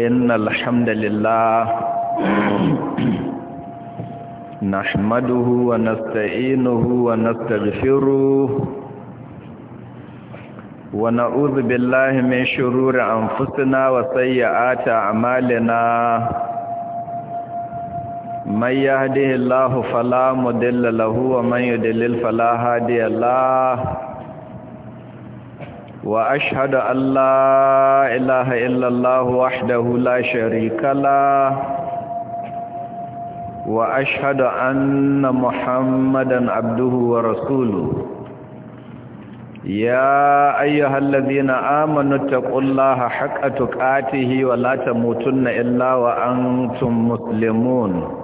إن الحمد لله نحمده ونستعينه ونستغفره ونعوذ بالله من شرور أنفسنا وسيئات أعمالنا من يهده الله فلا مدل له ومن يدلل فلا هادي له wa ashhadu an la ilaha illallah wahdahu la sharika wa ashhadu anna muhammadan abduhu wa rasuluhu ya ayyuhalladhina amanu ta haqqa tuqatih wa la tamutunna illa wa antum muslimun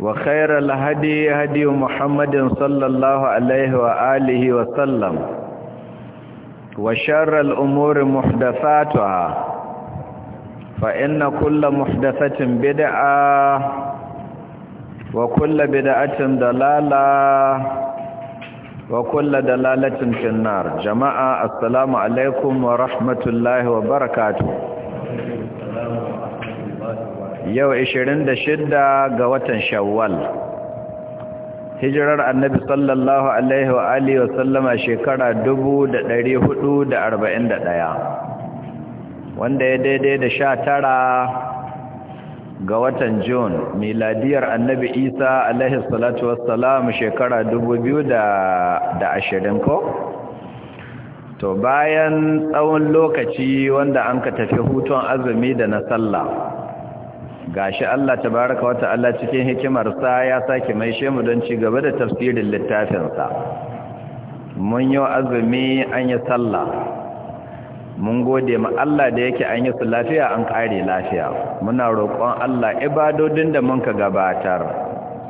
وخير الهدي هدي محمد صلى الله عليه وآله وسلم وشر الأمور محدثاتها فإن كل محدثة بدعة وكل بدعة دلالة وكل دلالة في النار جماعة السلام عليكم ورحمة الله وبركاته yau 26 ga watan shawwal hijirar annabi sallallahu alaihi wa alihi sallama shekara 1441 wanda ya daidai da sha tara ga watan Jun miladiyar annabi Isa alaihi salatu wassalam shekara 2020 ko to bayan tsawon lokaci wanda an ka tafi hutun azumi da na sallah gashi Allah tabaraka wata Allah, cikin hikimar sa ya sake mai shemu don ci gaba da tafsirin littafinsa mun yi azumi an yi sallah mun gode ma Allah da yake an yi su lafiya an kare lafiya muna roƙon Allah ibadodin da mun ka gabatar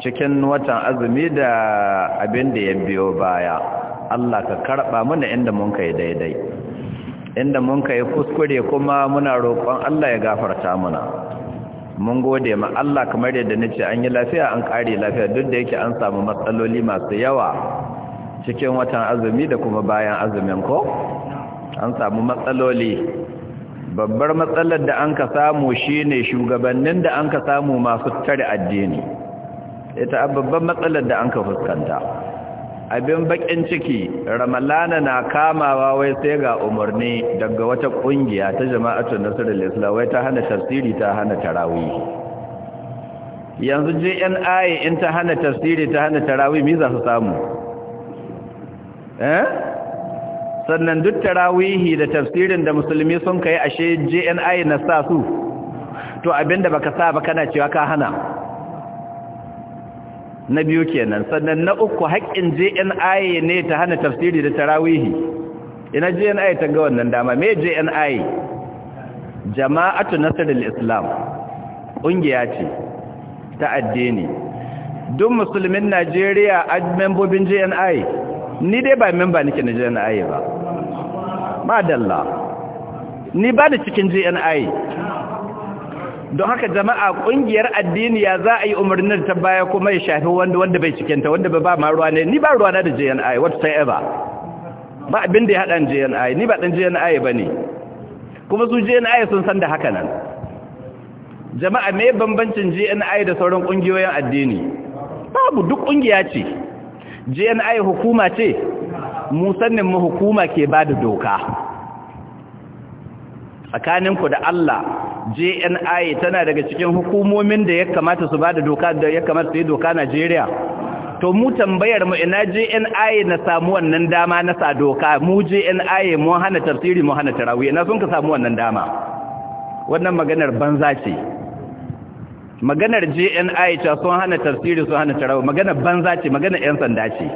cikin watan azumi da abin da ya biyo baya Allah ka karɓa mana inda mun ka yi daidai inda mun ka yi kuskure kuma muna roƙon Allah ya gafarta mana mun gode ma Allah kamar yadda na ce an yi lafiya an kare lafiya duk da yake an samu matsaloli masu yawa cikin watan azumi da kuma bayan azumin ko an samu matsaloli babbar matsalar da an ka samu shi ne shugabannin da an ka samu masu tare addini ita babbar matsalar da an ka fuskanta abin bakin ciki ramalana na kamawa wai sai ga umarni daga wata kungiya ta jama'atun nasarar islam wai ta hana tafsiri ta hana tarawi yanzu jni in ta hana tafsiri ta hana tarawi me za su samu eh sannan duk tarawihi da tafsirin da musulmi sun kai ashe jni na sa su to abinda baka sa ba kana cewa ka hana na biyu kenan sannan na uku haƙƙin JNI ne ta hana tafsiri da tarawihi ina JNI ta ga wannan dama me JNI jama'atu nasrul islam ƙungiya ce ta addini duk musulmin Najeriya a membobin JNI ni dai ba memba nake na JNI ba madalla ni ba da cikin JNI don haka jama'a kungiyar addini ya za a yi umarnin ta baya kuma ya shafi wanda wanda bai cikinta wanda ba ba ruwa ne ni ba ruwa na da JNI whatsoever ba abin da ya haɗa JNI ni ba ɗan JNI ba ne kuma su JNI sun san da haka nan jama'a me bambancin JNI da sauran ƙungiyoyin addini babu duk ƙungiya ce JNI hukuma ce mu sannin mu hukuma ke ba da doka tsakaninku da Allah JNI tana daga cikin hukumomin da ya kamata su ba da doka da ya kamata su yi doka Najeriya to mu tambayar mu ina JNI na samu wannan dama na sa doka mu JNI mu hana tafsiri mu hana tarawi ina sun ka samu wannan dama wannan maganar banza ce maganar JNI ta sun hana tafsiri sun hana tarawi maganar banza ce maganar yan sanda ce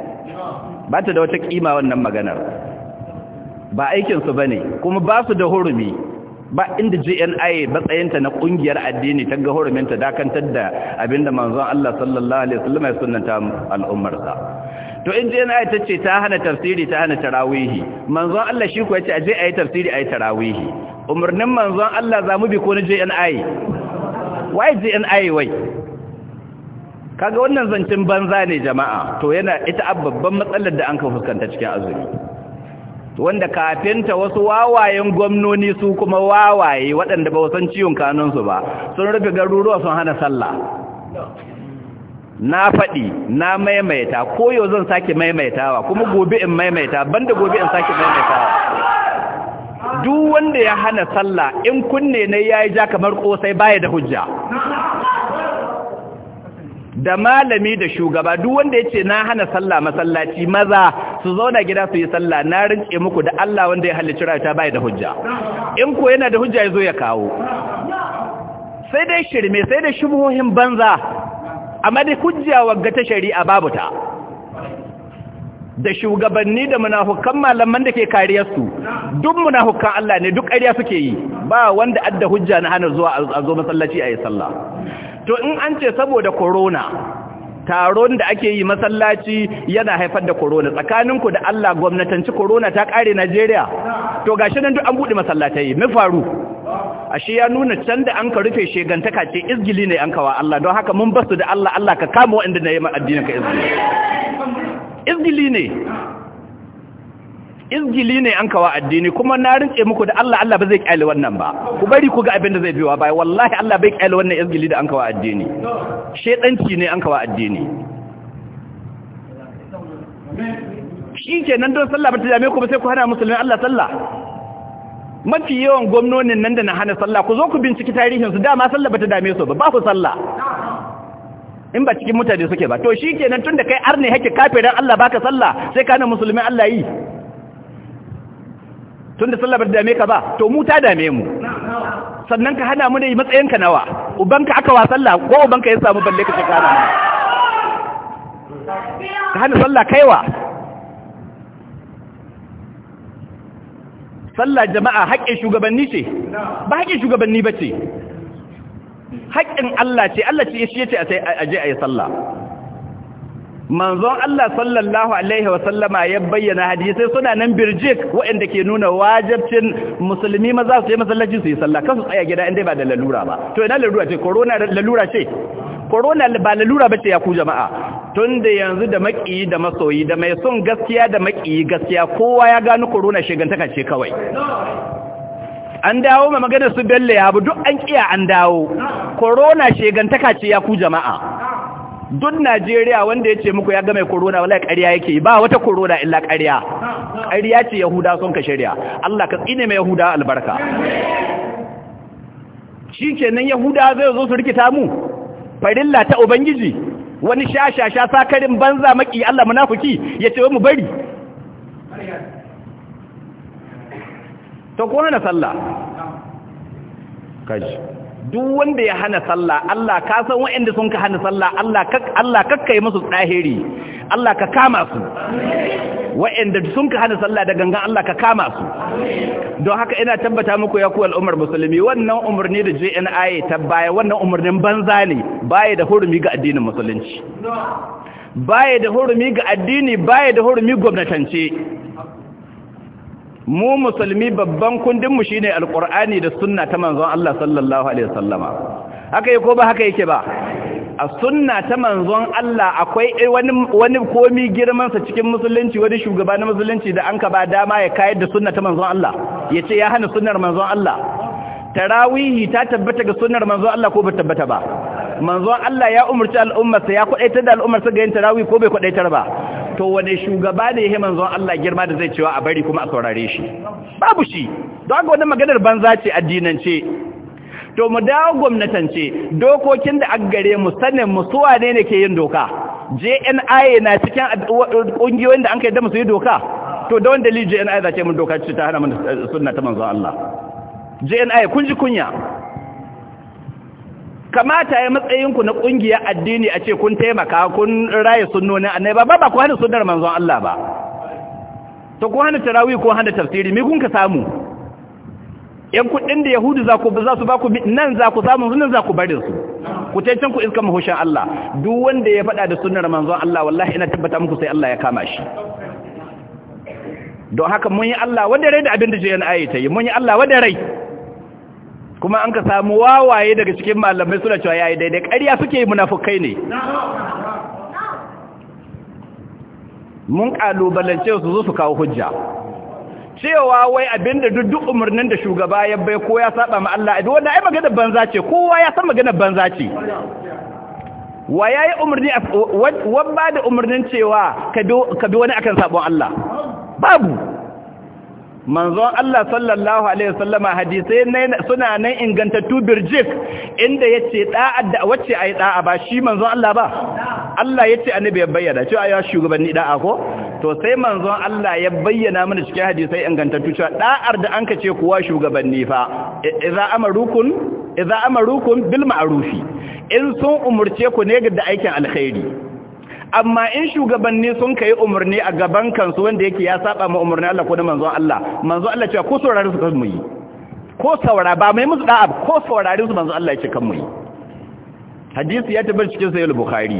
ba ta da wata kima wannan maganar ba aikinsu ba ne kuma ba su da hurumi ba inda JNI matsayinta na kungiyar addini ta ga ta dakantar da abinda manzon Allah sallallahu alaihi wasallam ya sunnanta al'ummar sa to in JNI ta ce ta hana tafsiri ta hana tarawihi manzon Allah shi ko yace a je ayi tafsiri ayi tarawihi umarnin manzon Allah za mu bi ko na JNI why JNI wai kaga wannan zancin banza ne jama'a to yana ita babban matsalar da an ka fuskanta cikin azumi wanda kafinta wasu wawayen gwamnoni su kuma wawaye waɗanda ba wasan ciwon kanunsu ba sun rufe garuruwa sun hana sallah na faɗi na maimaita koyo zan sake maimaitawa kuma gobe in maimaita banda gobe in sake maimaitawa duk wanda ya hana sallah in kunne ne yayi ja kamar kosai baya da hujja da malami da shugaba duk wanda ya ce na hana sallah masallaci maza su zauna gida su yi sallah na rinke muku da Allah wanda ya halicci rayuwa bai da hujja in ko yana da hujja ya ya kawo sai dai shirme sai dai shubuhohin banza amma dai hujja wagga ta shari'a babu ta da shugabanni da munafukan malaman da ke kariyarsu duk munafukan Allah ne duk ƙarya suke yi ba wanda adda hujja na hana zuwa a zo masallaci a yi sallah to in an ce saboda korona, taron da ake yi masallaci yana haifar da corona tsakaninku da Allah gwamnatanci korona ta kare Najeriya to gashi nan duk an bude masallatai mu faru ashe ya nuna can da an ka rufe shegantaka ce izgili ne an kawa Allah don haka mun basu da Allah Allah ka kama waɗanda na yi addinin ka izgili izgili ne izgili ne an kawo addini kuma na rinke muku da Allah Allah ba zai kyale wannan ba ku bari ku ga abin da zai biwa baya wallahi Allah bai kyale wannan izgili da an kawo addini shedanci ne an kawo addini shi ke nan don sallah ba ta dame ku ba sai ku hana musulmi Allah sallah mafi yawan gwamnonin nan da na hana sallah ku zo ku binciki tarihin su dama sallah ba ta dame su ba ba ku sallah in ba cikin mutane suke ba to shi ke nan tun da kai arne hake kafiran Allah baka sallah sai ka na musulmi Allah yi tunda sallah ba dame ka ba to mu ta dame mu sannan ka hana mu yi matsayin ka nawa ubanka aka wa sallah ko ubanka ya samu balle ka shekara ka hana sallah kaiwa sallah jama'a haƙƙin shugabanni ce ba haƙƙin shugabanni ba ce haƙƙin Allah ce Allah ce ya ce a je a yi sallah manzon Allah sallallahu alaihi wa sallama ya bayyana hadisai suna nan birjik waɗanda ke nuna wajibcin musulmi maza su yi masallaci su yi sallah kan su tsaya gida inda ba da lalura ba to ina lalura ce corona lalura ce corona ba lalura ba ce ya ku jama'a tunda yanzu da makiyi da masoyi da mai son gaskiya da makiyi gaskiya kowa ya gano corona shegantaka ce kawai an dawo ma maganar su belle ya bu duk an kiya an dawo corona shegantaka ce ya ku jama'a duk Najeriya wanda ya ce muku ya ga mai corona wala ƙarya yake ba wata korona illa ƙarya ƙarya ce Yahuda sun ka shari'a Allah ka tsine mai Yahuda albarka shikenan Yahuda zai zo su rikita mu farilla ta ubangiji wani shashasha sakarin banza maki Allah munafiki ya ce mu bari ta ko na sallah kaji duk wanda ya hana sallah Allah ka san waɗanda sun ka hana sallah Allah ka Allah kakkai musu tsahiri Allah ka kama su waɗanda sun ka hana sallah da gangan Allah ka kama su don haka ina tabbata muku ya ku al'ummar musulmi wannan umarni da JNI ta baya wannan umarnin banza ne baya da hurumi ga addinin musulunci baya da hurumi ga addini baya da hurumi gwamnatance mu musulmi babban kundinmu shi ne Alƙur'ani da sunna ta manzon Allah sallallahu alaihi wasallama haka yake ko ba haka yake ba a sunna ta manzon Allah akwai wani komi girmansa cikin musulunci wani shugaba na musulunci da an ka ba dama ya kayar da sunna ta manzon Allah Ya ce ya hana sunnar manzon Allah tarawihi ta tabbata ga sunnar manzon Allah ko ba tabbata ba manzon Allah ya umarci al'ummarsa ya kwadaitar da al'ummarsa ga yin tarawih ko bai kwadaitar ba to wane shugaba ne ya manzon Allah girma da zai cewa a bari kuma a saurare shi babu shi don haka wannan maganar banza ce addinance to mu dawo gwamnatance dokokin da aka gare mu sanin mu su wane ne ke yin doka JNI na cikin kungiyoyin da an kai da musu yi doka to da dalilin JNI za ce mun doka ce ta hana mun sunna ta manzon Allah JNI kun ji kunya kamata ya matsayinku na ƙungiyar addini a ce kun taimaka kun raye sunnonin annai ba ba ku hana sunnar manzon Allah ba to ku hana tarawih ko hana tafsiri me kun ka samu yan kuɗin da yahudu za ku za su ba ku nan za ku samu sunan za ku bari su ku tantan ku iska mahushin Allah duk wanda ya faɗa da sunnar manzon Allah wallahi ina tabbata muku sai Allah ya kama shi don haka mun yi Allah wanda rai da abin da jiyan ayi ta yi mun yi Allah wanda rai kuma an ka samu wawaye daga cikin malamai suna cewa yayi daidai ƙarya suke yi munafukai ne mun kalubalance su zo su kawo hujja cewa wai abinda duk umarnin da shugaba ya bai ko ya saba ma Allah abin wanda ai magana banza ce kowa ya san magana banza ce wa yayi umarni ba da umarnin cewa ka bi wani akan sabon Allah babu manzon Allah sallallahu alaihi wasallama hadisai suna nan ingantattu birjik inda yace da'a da wacce ai da'a ba shi manzon Allah ba Allah yace annabi ya bayyana cewa ya shugabanni da'a ko to sai manzon Allah ya bayyana mana cikin hadisai ingantattu cewa da'ar da anka ce kuwa shugabanni fa idza amarukum idza amarukum bil ma'rufi in sun umurce ku ne ga aikin alkhairi amma in shugabanni sun kai umarni a gaban kansu wanda yake ya saba ma umarni Allah ko da manzo Allah manzo Allah cewa ko saurari su kan mu yi ko saurara ba mai musu da'a ko saurari su manzo Allah ya ce kan mu yi hadisi ya tabbata cikin sahih al-bukhari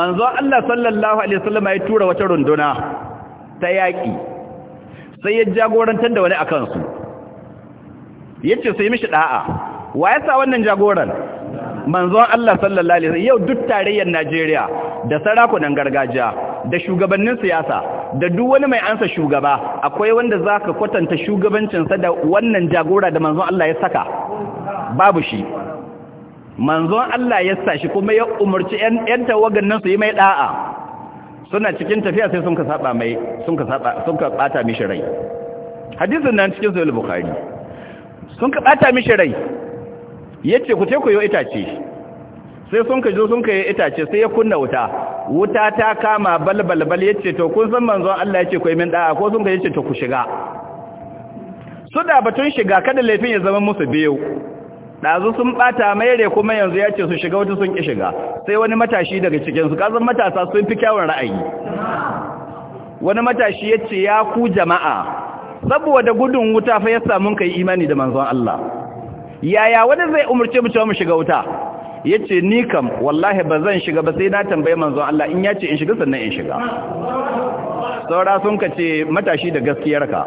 manzo Allah sallallahu alaihi wasallam ya tura wata runduna ta yaki sai ya jagorantar da wani akan su yace sai mishi da'a wa yasa wannan jagoran manzon Allah sallallahu alaihi wasallam yau duk tarayyar Najeriya da sarakunan gargajiya da shugabannin siyasa da duk wani mai ansa shugaba akwai wanda zaka kwatanta shugabancinsa da wannan jagora da manzon Allah ya saka babu shi manzon Allah ya sa shi kuma ya umarci 'yan tawagan nan su yi mai da'a suna cikin tafiya sai sun ka saba mai sun ka saba sun ka bata mishi rai hadisin nan cikin sahih bukhari sun ka bata mishi rai yace ku ce ku yi itace sai sun ka zo sun ka yi itace sai ya kunna wuta wuta ta kama balbalbal bal yace to kun san manzon Allah yace ku yi min da'a ko sun ka yace to ku shiga su da batun shiga kada laifin ya zama musu biyu ɗazu sun ɓata re kuma yanzu ya ce su shiga wata sun ƙi shiga sai wani matashi daga cikinsu kazan matasa sun fi kyawun ra'ayi wani matashi ya ce ya ku jama'a saboda gudun wuta fa ya samu kai imani da manzon Allah yaya wani zai umarci mu cewa mu shiga wuta yace ni kam wallahi ba zan shiga ba sai na tambaye manzon Allah in yace in shiga sannan in shiga saura sun kace matashi da gaskiyarka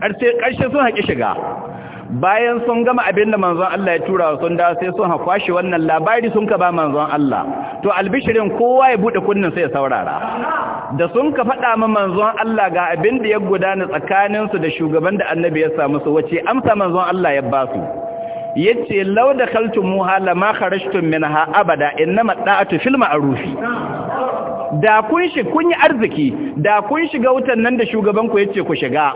karshe karshe sun haƙi shiga bayan sun gama abin da manzon Allah ya tura sun da sai sun hafa shi wannan labari sun ka ba manzon Allah to albishirin kowa ya bude kunnin sai ya saurara da sun ka faɗa ma manzon Allah ga abin da ya gudana tsakanin su da shugaban da annabi ya samu su wace amsa manzon Allah ya ba su yace law muhala lama kharajtum minha abada innama da'atu fil ma'rufi da kun shi kun yi arziki da kun shiga wutan nan da shugaban ku yace ku shiga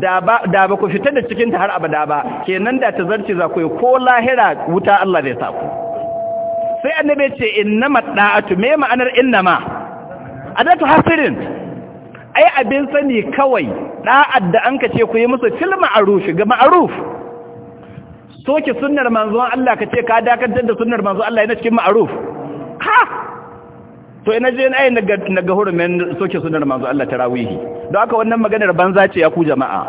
da ba ku fitar da cikinta har abada ba kenan da ta zarce za ku yi ko lahira wuta Allah zai saku sai annabi ce inna da'atu me ma'anar a adatu hasirin ai abin sani kawai da'ad da ka ce ku yi musu fil ma'ruf ga ma'ruf soke sunnar manzon Allah ka ce ka dakatar da sunnar manzon Allah yana cikin ma'ruf ha to ina je ai na ga hurumin soke sunan manzo Allah tarawihi don haka wannan maganar banza ce ya ku jama'a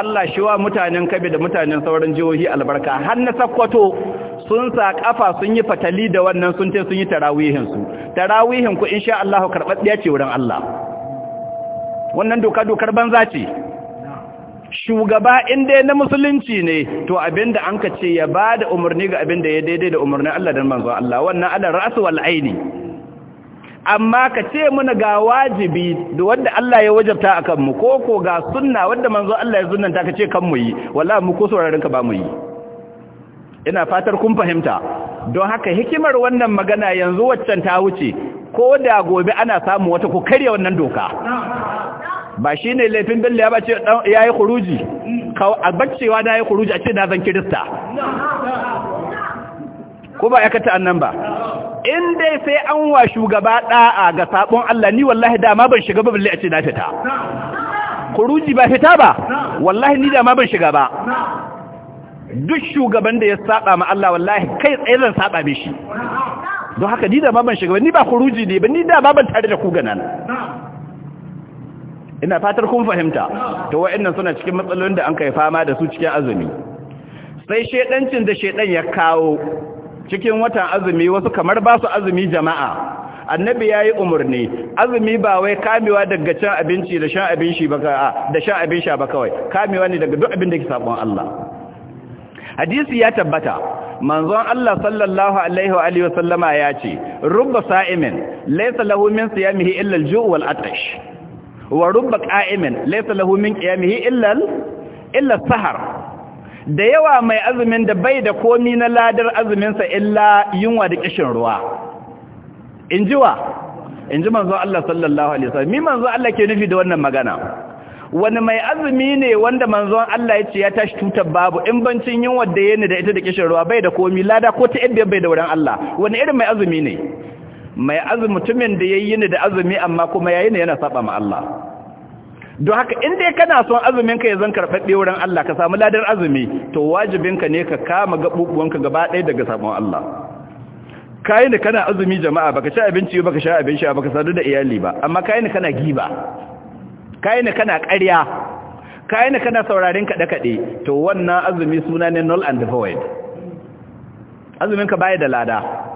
Allah shi wa mutanen kabe da mutanen sauran jihohi albarka har na sakkwato sun sa kafa sun yi fatali da wannan sun ce sun yi tarawihin su tarawihin ku insha Allah karbaddiya ce wurin Allah wannan doka dokar banza ce shugaba in dai na musulunci ne to abinda an ce ya bada umarni ga abinda ya daidai da umarnin Allah dan manzo Allah wannan ala ra'su wal aini amma ka ce muna ga wajibi da wanda Allah ya wajabta a kanmu ko ko ga sunna wanda manzo Allah ya sunanta ka ce kanmu yi wallahi mu ko sauraron ka ba mu yi ina fatar kun fahimta don haka hikimar wannan magana yanzu waccan ta wuce ko da gobe ana samu wata ku karya wannan doka ba shine laifin bello ya bace ya yi ka a da na khuruji a ce da zan kirista ko ba ya kata annan ba in dai sai an wa shugaba da'a ga sabon Allah ni wallahi dama ban shiga ba balle a ce na fita kuruji ba fita ba wallahi ni dama ban shiga ba duk shugaban da ya saba ma Allah wallahi kai tsaye zan saba be shi don haka ni da ma ban shiga ba ni ba kuruji ne ba ni da ma ban tare da ku ganan ina fatar kun fahimta to wa'annan suna cikin matsalolin da an kai fama da su cikin azumi sai shedancin da shedan ya kawo cikin watan azumi wasu kamar ba su azumi jama'a annabi ya yi umarni azumi ba wai kamewa daga cin abinci da shan abin shi ba kawai kamewa ne daga duk abin da ke sabon Allah hadisi ya tabbata manzon Allah sallallahu alaihi wa alihi wasallama ya ce rubba sa'imin laysa lahu min siyamihi illa al-ju' wal atash wa rubba qa'imin laysa lahu min qiyamihi illa illa sahar da yawa mai azumin da bai da komi na ladar azuminsa illa yunwa da kishin ruwa in ji wa in ji manzo Allah sallallahu alaihi wasallam mi manzo Allah ke nufi da wannan magana wani mai azumi ne wanda manzon Allah ya ce ya tashi tutar babu in bancin yunwa da yana da ita da kishin ruwa bai da komi lada ko ta yadda bai da wurin Allah wani irin mai azumi ne mai azumi mutumin da yayi ne da azumi amma kuma yayi ne yana saba ma Allah don haka in dai kana son azumin ka ya zan karɓaɓɓe wurin Allah ka samu ladar azumi to wajibinka ne ka kama gaɓuɓuwanka gaba ɗaya daga sabon Allah kayan da kana azumi jama'a baka sha abinci ba ka sha abin sha ka sadu da iyali ba amma kayan da kana giba kayan da kana ƙarya kayan da kana saurarin kaɗe-kaɗe to wannan azumi suna ne null and void azuminka baya da lada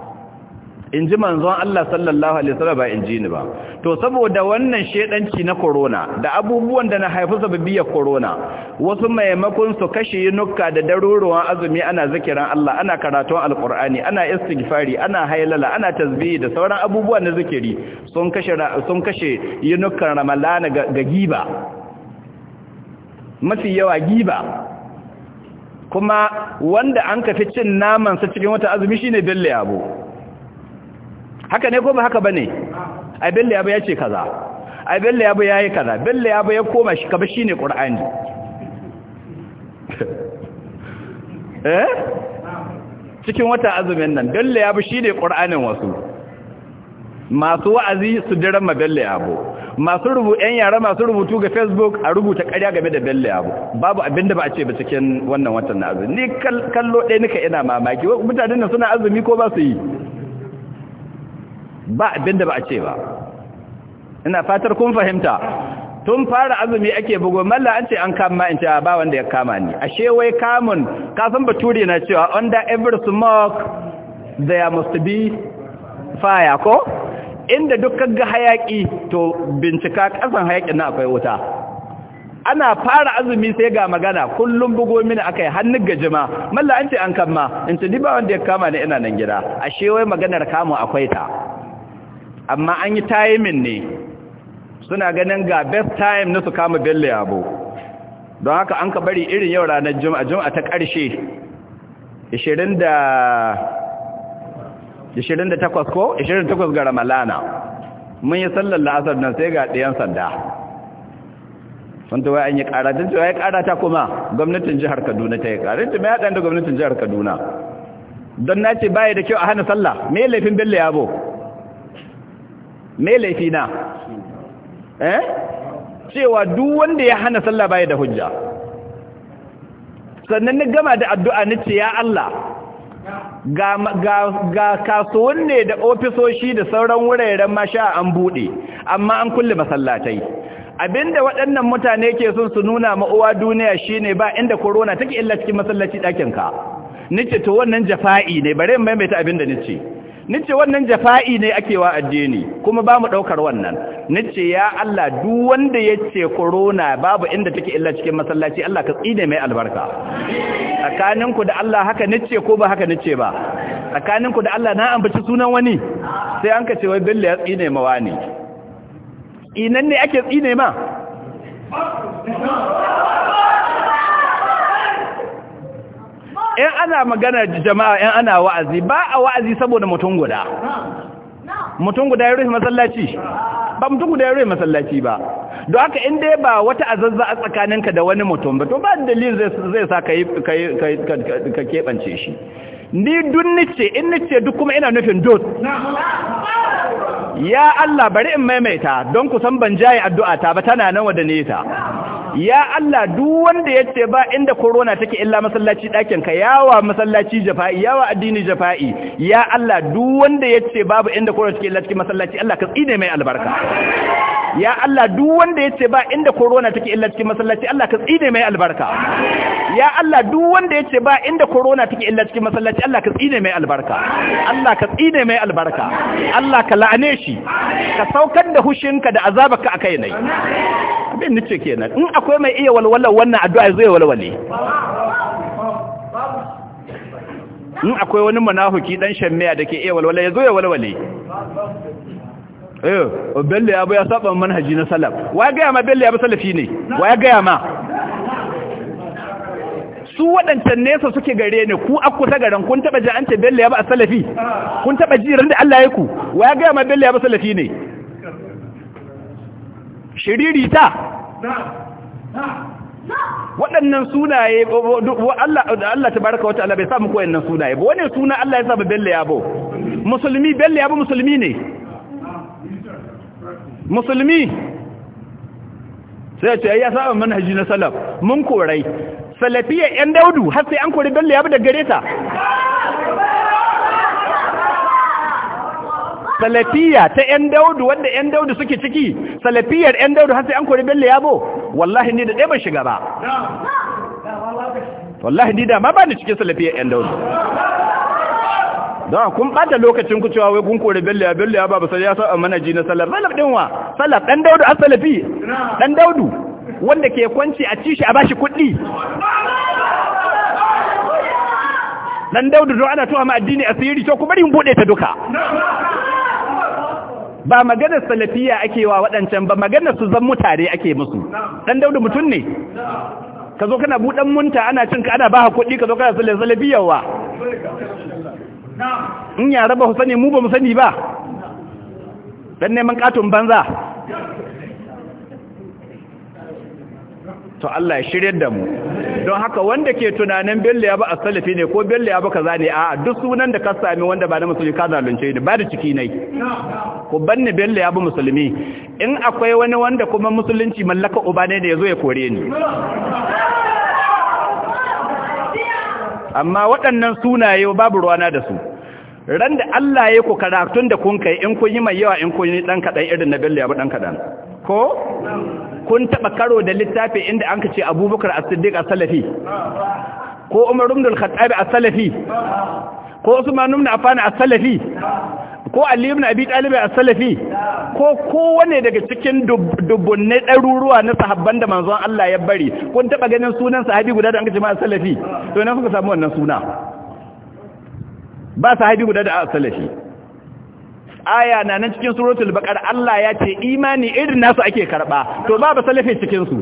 in ji manzon Allah sallallahu alaihi wasallam ba in ji ni ba to saboda wannan shedanci na corona da abubuwan da na haifu ya corona wasu maimakon su kashe nukka da daruruwan azumi ana zikiran Allah ana karatun alqur'ani ana istighfari ana haylala ana tasbihi da sauran abubuwa na zikiri sun kashe sun kashe yinukkan ramalana ga giba mafi yawa giba kuma wanda an kafi cin naman sa cikin wata azumi shine billa yabo haka ne ko ba haka bane ai bella yabo yace kaza ai bella yabo yayi kaza bella yabo ya koma shi kaba shine qur'ani eh cikin wata azumin nan bella yabo shine qur'anin wasu masu wa'azi su diran ma bella yabo masu rubu ɗan yara masu rubutu ga facebook a rubuta ƙarya game da bella yabo babu abinda ba a ce ba cikin wannan watan na azumi ni kallo ɗaya nika ina mamaki mutanen nan suna azumi ko ba su yi ba abinda ba a ce ba ina fatar kun fahimta tun fara azumi ake bugo malla an ce an kama in cewa ah, ba wanda ya kama ni ashe wai kamun kafin bature na cewa under every smoke there must be fire ko inda dukkan ga hayaki to bincika kasan hayakin na akwai wuta ana fara azumi sai ga magana kullum bugo mini akai hannun gajima malla an ce an kama in ce ni ba wanda ya kama ni ina nan gida ashe wai maganar kamun akwai ta amma an yi tayimin ne suna ganin ga best time na su kama bello yabo don haka an ka bari irin yau ranar juma'a juma'a ta ƙarshe 28 ko 28 ga ramalana mun yi sallar la'asar nan sai ga ɗayan sanda sun tuwa wai an yi ƙaratun ta wai ƙarata kuma gwamnatin jihar kaduna ta yi ƙaratun mai haɗar da gwamnatin jihar kaduna don na ce baya da kyau a hana sallah mai laifin bello yabo me laifina? eh cewa duk wanda ya hana sallah baya da hujja sannan ni gama da addu'a nace ya Allah ga ga ne da ofisoshi da sauran wuraren masha an bude amma an kulle masallatai abinda waɗannan mutane ke son su nuna ma uwa duniya shine ba inda corona take illa cikin masallaci ɗakin ka nace to wannan jafa'i ne bare mai mai ta abinda nace nace wannan jafa'i ne ake wa addini kuma ba mu daukar wannan nace ya Allah duk wanda ce korona babu inda take illa cikin masallaci Allah ka tsine mai albarka tsakaninku da Allah haka nace ko ba haka nace ba tsakaninku da Allah na ambaci sunan wani sai an ka ce wai billa ya tsine ma wani inan ne ake tsine ma in ana magana jama'a in ana wa'azi ba a wa'azi saboda mutum guda mutum guda ya rufe masallaci ba mutum guda ya rufe masallaci ba don haka in dai ba wata azazza a tsakaninka da wani mutum ba to ba dalilin zai sa ka ka keɓance shi ni dun nice in nice duk kuma ina nufin dot ya Allah bari in maimaita don ku san ban jaye addu'a ta ba tana nan wadda ta ya Allah duk wanda yace ba inda corona take illa masallaci dakin ka yawa masallaci jafa'i yawa addini jafa'i ya Allah duk wanda ya ce babu inda corona take illa cikin masallaci Allah ka tsine mai albarka ya Allah duk wanda ya ce ba inda corona take illa cikin masallaci Allah ka tsine mai albarka ya Allah duk wanda yace ba inda corona take illa cikin masallaci Allah ka tsine mai albarka Allah ka tsine mai albarka Allah ka la'ane shi ka saukar da hushinka da azabaka a kai nai abin nace kenan in akwai mai iya walwala wannan addu'a zai walwale in akwai wani manahuki dan shammiya dake iya walwala ya zo ya walwale eh bello yabo ya saba manhaji na salaf wa gaya ma bello yabo salafi ne wa gaya ma su waɗancan nesa suke gare ne ku akku ta garin kun taɓa ji an ce bello yabo a salafi kun taɓa ji ran da Allah ya ku wa gaya ma bello yabo salafi ne shiririta waɗannan sunaye Allah ta baraka wata Allah bai samu koyannan sunaye ba wani suna Allah ya saba bello yabo musulmi bello yabo musulmi ne musulmi sai ce ya saba manhaji na salaf mun korai salafiyar yan daudu har sai an kori bello ya bi da gare ta salafiya ta yan daudu wanda yan daudu suke ciki salafiyar yan daudu har sai an kori bello ya bo wallahi ni da ɗaya ban shiga ba wallahi ni da ma ba ni cikin salafiyar yan daudu don kun ɓata lokacin ku cewa wai kun kore belle ya belle ya ba basar ya sa manaji na salaf salaf ɗinwa wa salaf ɗan daudu salafi ɗan daudu wanda ke kwanci a ci shi a shi kuɗi ɗan daudu don ana tuwa ma addini asiri to ku bari buɗe ta duka ba magana salafiya ake wa waɗancan ba magana su zan mutare ake musu ɗan daudu mutum ne ka zo kana buɗan munta ana cinka ana ba kuɗi ka zo kana salafiyawa in yara ba sani mu ba mu sani ba dan neman katon banza to Allah ya shiryar da mu don haka wanda ke tunanin belle ya ba a salafi ne ko belle ya ba kaza ne a duk sunan da ka sami wanda ba na musulmi ka zalunce ne ba da ciki nai ku banne belle ya ba musulmi in akwai wani wanda kuma musulunci mallaka uba ne da zo ya kore ni amma waɗannan sunaye babu ruwana da su ran da Allah ya ku karatun da kun kai in kun yi mai yawa in kun yi dan kadan irin na Bello ya ba dan kadan ko kun taba karo da littafi inda an kace Abubakar As-Siddiq As-Salafi ko Umar ibn Al-Khattab salafi ko Usman ibn Affan As-Salafi ko Ali ibn Abi Talib as-Salafi ko kowane daga cikin dubbunne ɗaruruwa na sahabban da manzon Allah ya bari kun taba ganin sunan sahabi guda da an kace ma as-Salafi to ina kuka samu wannan suna ba sahabi guda da as-Salafi aya na nan cikin suratul baqara Allah ya ce imani irin nasu ake karba to ba salafi cikin su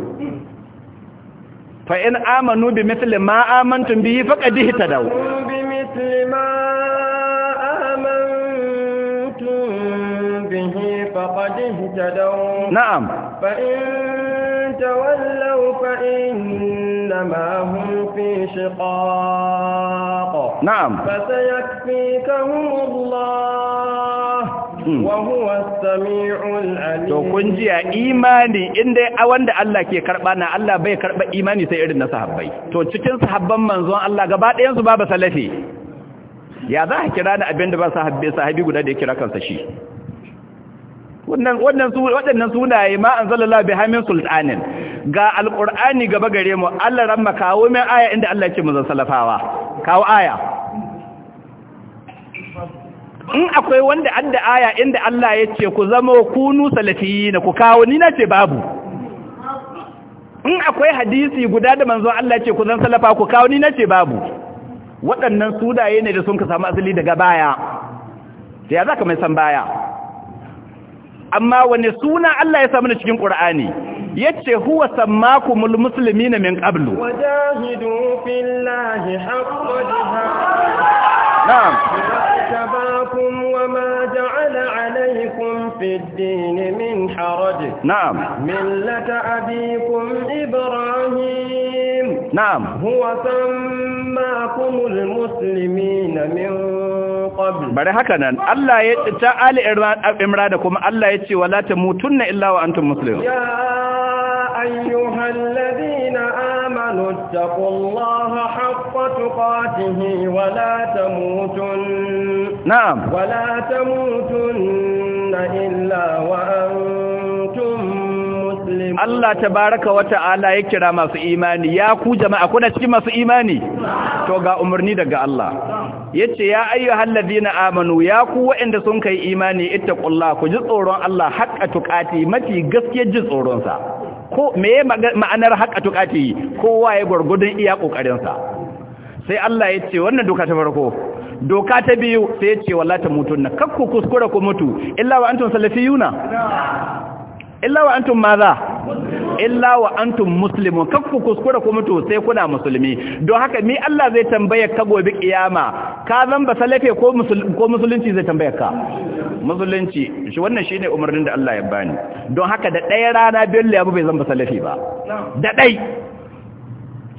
fa in amanu bi mithli ma amantum bihi faqad ihtadaw bi mithli ma فقد اهتدوا نعم To kun ji a imani inda a wanda Allah ke karɓa na Allah bai karɓa imani sai irin na sahabbai. cikin sahabban manzon Allah gaba ɗayansu ba ba salafi. Ya za a kira ni abin da ba sahabi guda da ya kira kansa shi. waɗannan sunaye ma an zalala bi hamin sultanin ga alƙur'ani gaba gare mu Allah ramma kawo min aya inda Allah ce mu zan salafawa kawo aya in akwai wanda adda aya inda Allah ya ce ku zama kunu salafiyina ku kawo ni na ce babu in akwai hadisi guda da manzo Allah ce ku zan salafa ku kawo ni na ce babu waɗannan sunaye ne da sun ka samu asali daga baya ya za ka mai san baya amma wani suna Allah ya sa mana cikin Ya yace huwa sammaku muslimina min qablu wajahidu fillahi haqqa jihad na'am wama min haraj na'am millata abikum ibrahim na'am huwa sammakumul muslimina min bari haka nan Allah ya ta ali da kuma Allah ya ce wala tamutunna illa wa antum muslimun ya ayyuhalladhina amanu taqullaha haqqa tuqatihi wala tamutun na'am wala tamutunna illa wa antum Allah ta baraka wa ta'ala ya kira masu imani ya ku jama'a kuna cikin masu imani to ga umarni daga Allah yace ya ayyuhal ladina amanu ya ku waɗanda sun kai imani kulla ku ji tsoron Allah haqqa tuqati mafi gaskiya ji tsoron sa ko meye ma'anar haqqa tuqati kowa ya gurgudun iya kokarin sa sai Allah yace wannan doka ta farko doka ta biyu sai yace wala mutunna kakku kuskura ku mutu illa wa antum salafiyuna illa wa antum maza illa wa antum muslimun kakku kuskura kuma to sai kuna musulmi don haka mi Allah zai tambaye ka gobe kiyama ka zan ba salafe ko ko musulunci zai tambaye ka musulunci shi wannan shine umarnin da Allah ya bani don haka da ɗaya rana bello abu bai zan ba salafi ba da ɗai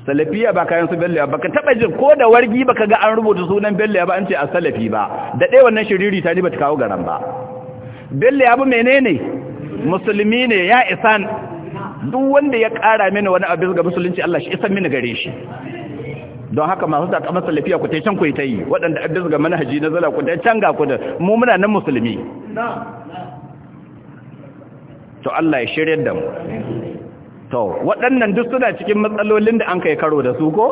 salafiya ba kayan su bello ba ka taba jin ko da wargi ba ka ga an rubuta sunan bello ba an ce a salafi ba da ɗaya wannan shiriri ta ni ba ta kawo garan ba bello abu menene musulmi ne ya isan duk wanda ya ƙara mini wani abu ga musulunci Allah shi isa mini gare shi don haka masu da kamar salafiya ku taicen ku ta yi waɗanda abu ga manhaji na zala ku ta can ga ku da mu muna nan musulmi to Allah ya shirya da mu to waɗannan duk suna cikin matsalolin da an kai karo da su ko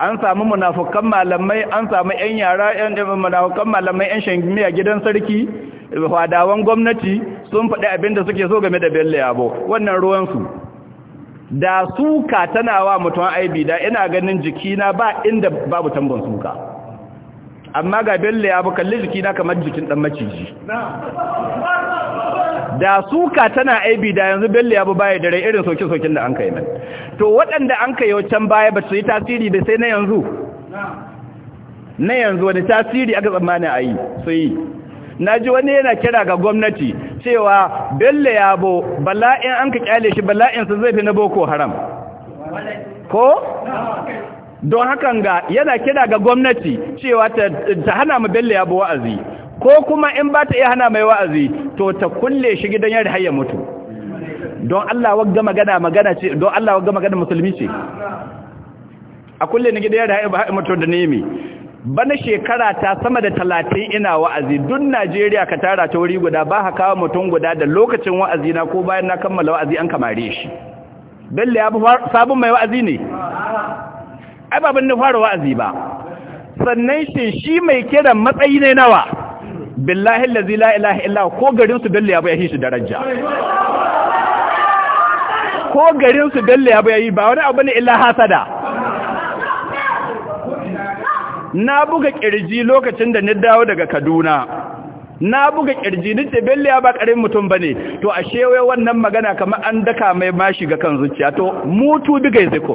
an samu munafukan malamai an samu 'yan yara 'yan munafukan malamai 'yan miya gidan sarki fadawan gwamnati sun faɗi abin da suke so game da bello yabo wannan ruwansu da suka tana wa mutum aibi da ina ganin jikina ba inda babu tambon suka amma ga bello yabo kalli jikina kamar jikin ɗan maciji da suka tana aibi da yanzu bello yabo baya dare irin soke-soken da an kai nan to waɗanda an kai wancan baya ba su yi tasiri da sai na yanzu na yanzu wani tasiri aka tsammani a yi su yi na ji wani yana kira ga gwamnati cewa bello yabo bala'in an ka kyale shi bala'insa zai fi na boko haram ko? don hakan ga yana kira ga gwamnati cewa ta hana mu bello yabo wa'azi ko kuma in ba ta iya hana mai wa'azi to ta kulle shi gidan yari hayya mutu don Allah wagga magana magana ce don Allah wagga magana musulmi ce a kulle ni gidan yari hayya mutu da nemi bana shekara ta sama da talatin ina wa'azi duk najeriya ka tara ta wuri guda ba ha kawo mutum guda da lokacin wa'azi na ko bayan na kammala wa'azi an kamare shi bello ya sabon mai wa'azi ne ai babin na fara wa'azi ba sannan shi shi mai kiran matsayi ne nawa billahi lazi la ilaha illa ko garin su bello ya bai shi daraja ko garin su bello ya bai ba wani abu ne illa hasada na buga ƙirji lokacin da na dawo daga Kaduna na buga ƙirji, ni ce belle ya ba karin mutum bane to ashe wai wannan magana kamar an daka mai ma ga kan zuciya to mutu biga ziko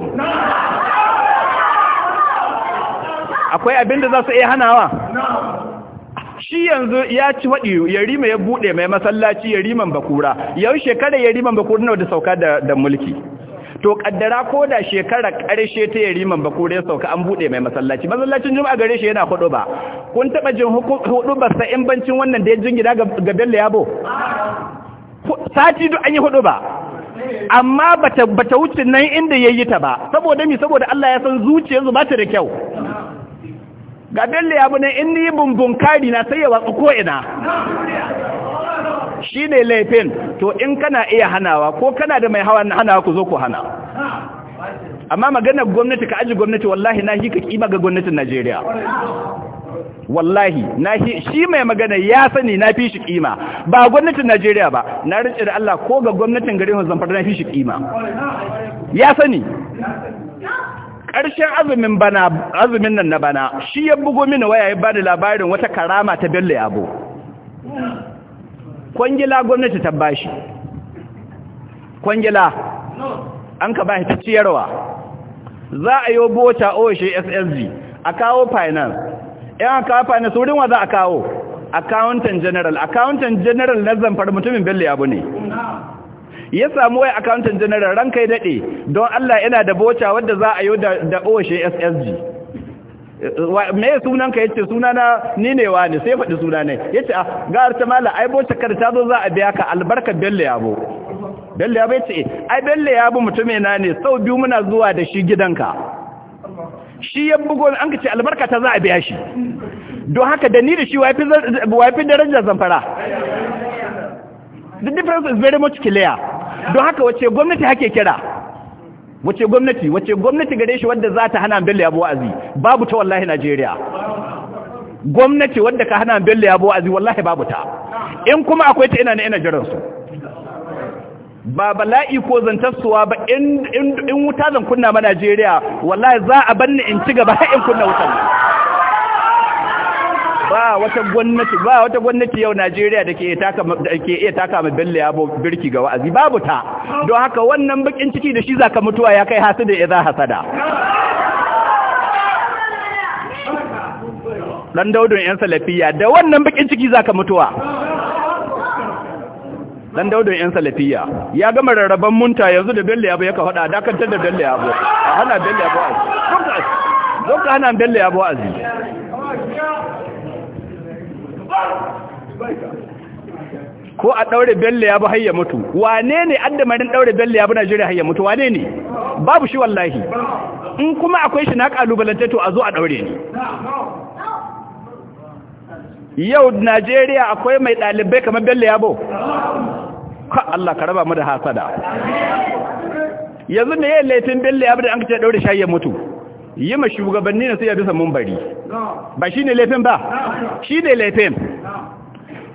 akwai abin da za su iya hanawa shi yanzu ya ci waɗi Yarima ya buɗe mai masallaci Yariman bakura yau shekara ya bakura na da sauka da mulki to kaddara ko da shekara karshe ta yariman ba kure sauka an bude mai masallaci masallacin juma'a gare shi yana hudu ba kun taba jin hudu ba sa in bancin wannan da ya gida ga bello yabo sati duk an yi hudu ba amma bata bata wuce nan inda yayi ta ba saboda mi saboda Allah ya san zuciya ba ta da kyau ga bello yabo ne in ni bumbun kari na sai ya watsu ko ina shi ne laifin to in kana iya hanawa ko kana da mai hanawa ku zo ku hana amma maganar gwamnati ka aji gwamnati wallahi na shi ka kima ga gwamnatin najeriya wallahi na shi mai magana ya sani na fi shi kima ba gwamnatin Najeriya ba na rince da Allah ko ga gwamnatin garin Zamfara na fi shi kima ya sani ƙarshen azumin bana azumin nan na bana shi ya bugo mini waya ya da labarin wata karama ta Bello Yabo kwangila gwamnati ta bashi kwangila an ka bashi ta ciyarwa za a yi bota oshe ssg a kawo finance yan a kawo finance wurin wa za a kawo accountant general accountant general na zamfar mutumin bello abu ne ya samu wai accountant general ranka ya daɗe don allah yana da bota wadda za a yi da oshe ssg me sunan ka yace sunana ni ne wani sai faɗi sunana yace a ah, ga arta mala ai bo kar ta zo za a biya ka albarka bello yabo bello yabo yace eh, ai bello yabo mutume na ne sau biyu muna zuwa da shi gidanka shi ya bugo an ka ce albarka ta za a biya shi don haka da ni da shi wafi wafi darajar zamfara the difference is very much clear don haka wace gwamnati hake kira wace gwamnati wace gwamnati gare shi wadda za ta hana bello yabo wa'azi babu ta wallahi najeriya gwamnati wadda ka hana bello yabo wa'azi wallahi babu ta in kuma akwai ta ina ne ina jiran su ba bala'i ko zantarsuwa ba in wuta zan kunna ma najeriya wallahi za a banni in ci gaba in kunna wutan ba wata gwamnati ba wata gwamnati yau Najeriya da ke taka da ke iya taka ma billa ya birki ga wa'azi babu ta don haka wannan bakin ciki da shi zaka mutuwa ya kai hasada za hasada dan daudun yan salafiya da wannan bakin ciki zaka mutuwa dan daudun yan salafiya ya gama rarraban munta yanzu da billa ya bu yaka fada dakantar da billa ya bu hana billa ya bu A don ka hana billa ya bu azi ko a ɗaure belle ya bi hayya mutu wane ne adda marin ɗaure belle ya bi Najeriya hayya mutu wane ne babu shi wallahi in kuma akwai shi na kalubalanta to a zo a ɗaure ne yau Najeriya akwai mai ɗalibai kamar belle bo ka Allah ka raba mu da hasada yanzu ne yin laifin belle bi da an ce ɗaure shi hayya mutu yi ma shugabanni na sai ya bisa mumbari ba shi ne laifin ba shi ne laifin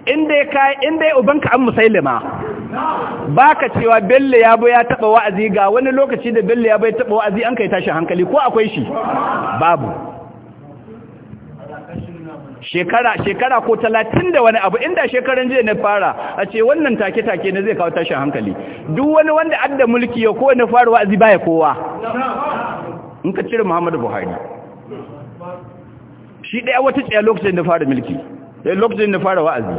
inda ya kayi inda ya ubanka an musailima ba ka cewa bello ya bai ya taɓa wa'azi ga wani lokaci da bello ya bai taɓa wa'azi an kai tashi hankali ko akwai shi babu shekara shekara ko talatin da wani abu inda shekaran jiya na fara a ce wannan take-take na zai kawo tashin hankali duk wani wanda adda mulki ya kowane faruwa a ziba ya kowa in ka cire muhammadu buhari shi ɗaya wata tsaye lokacin da fara milki, da lokacin da fara wa'azi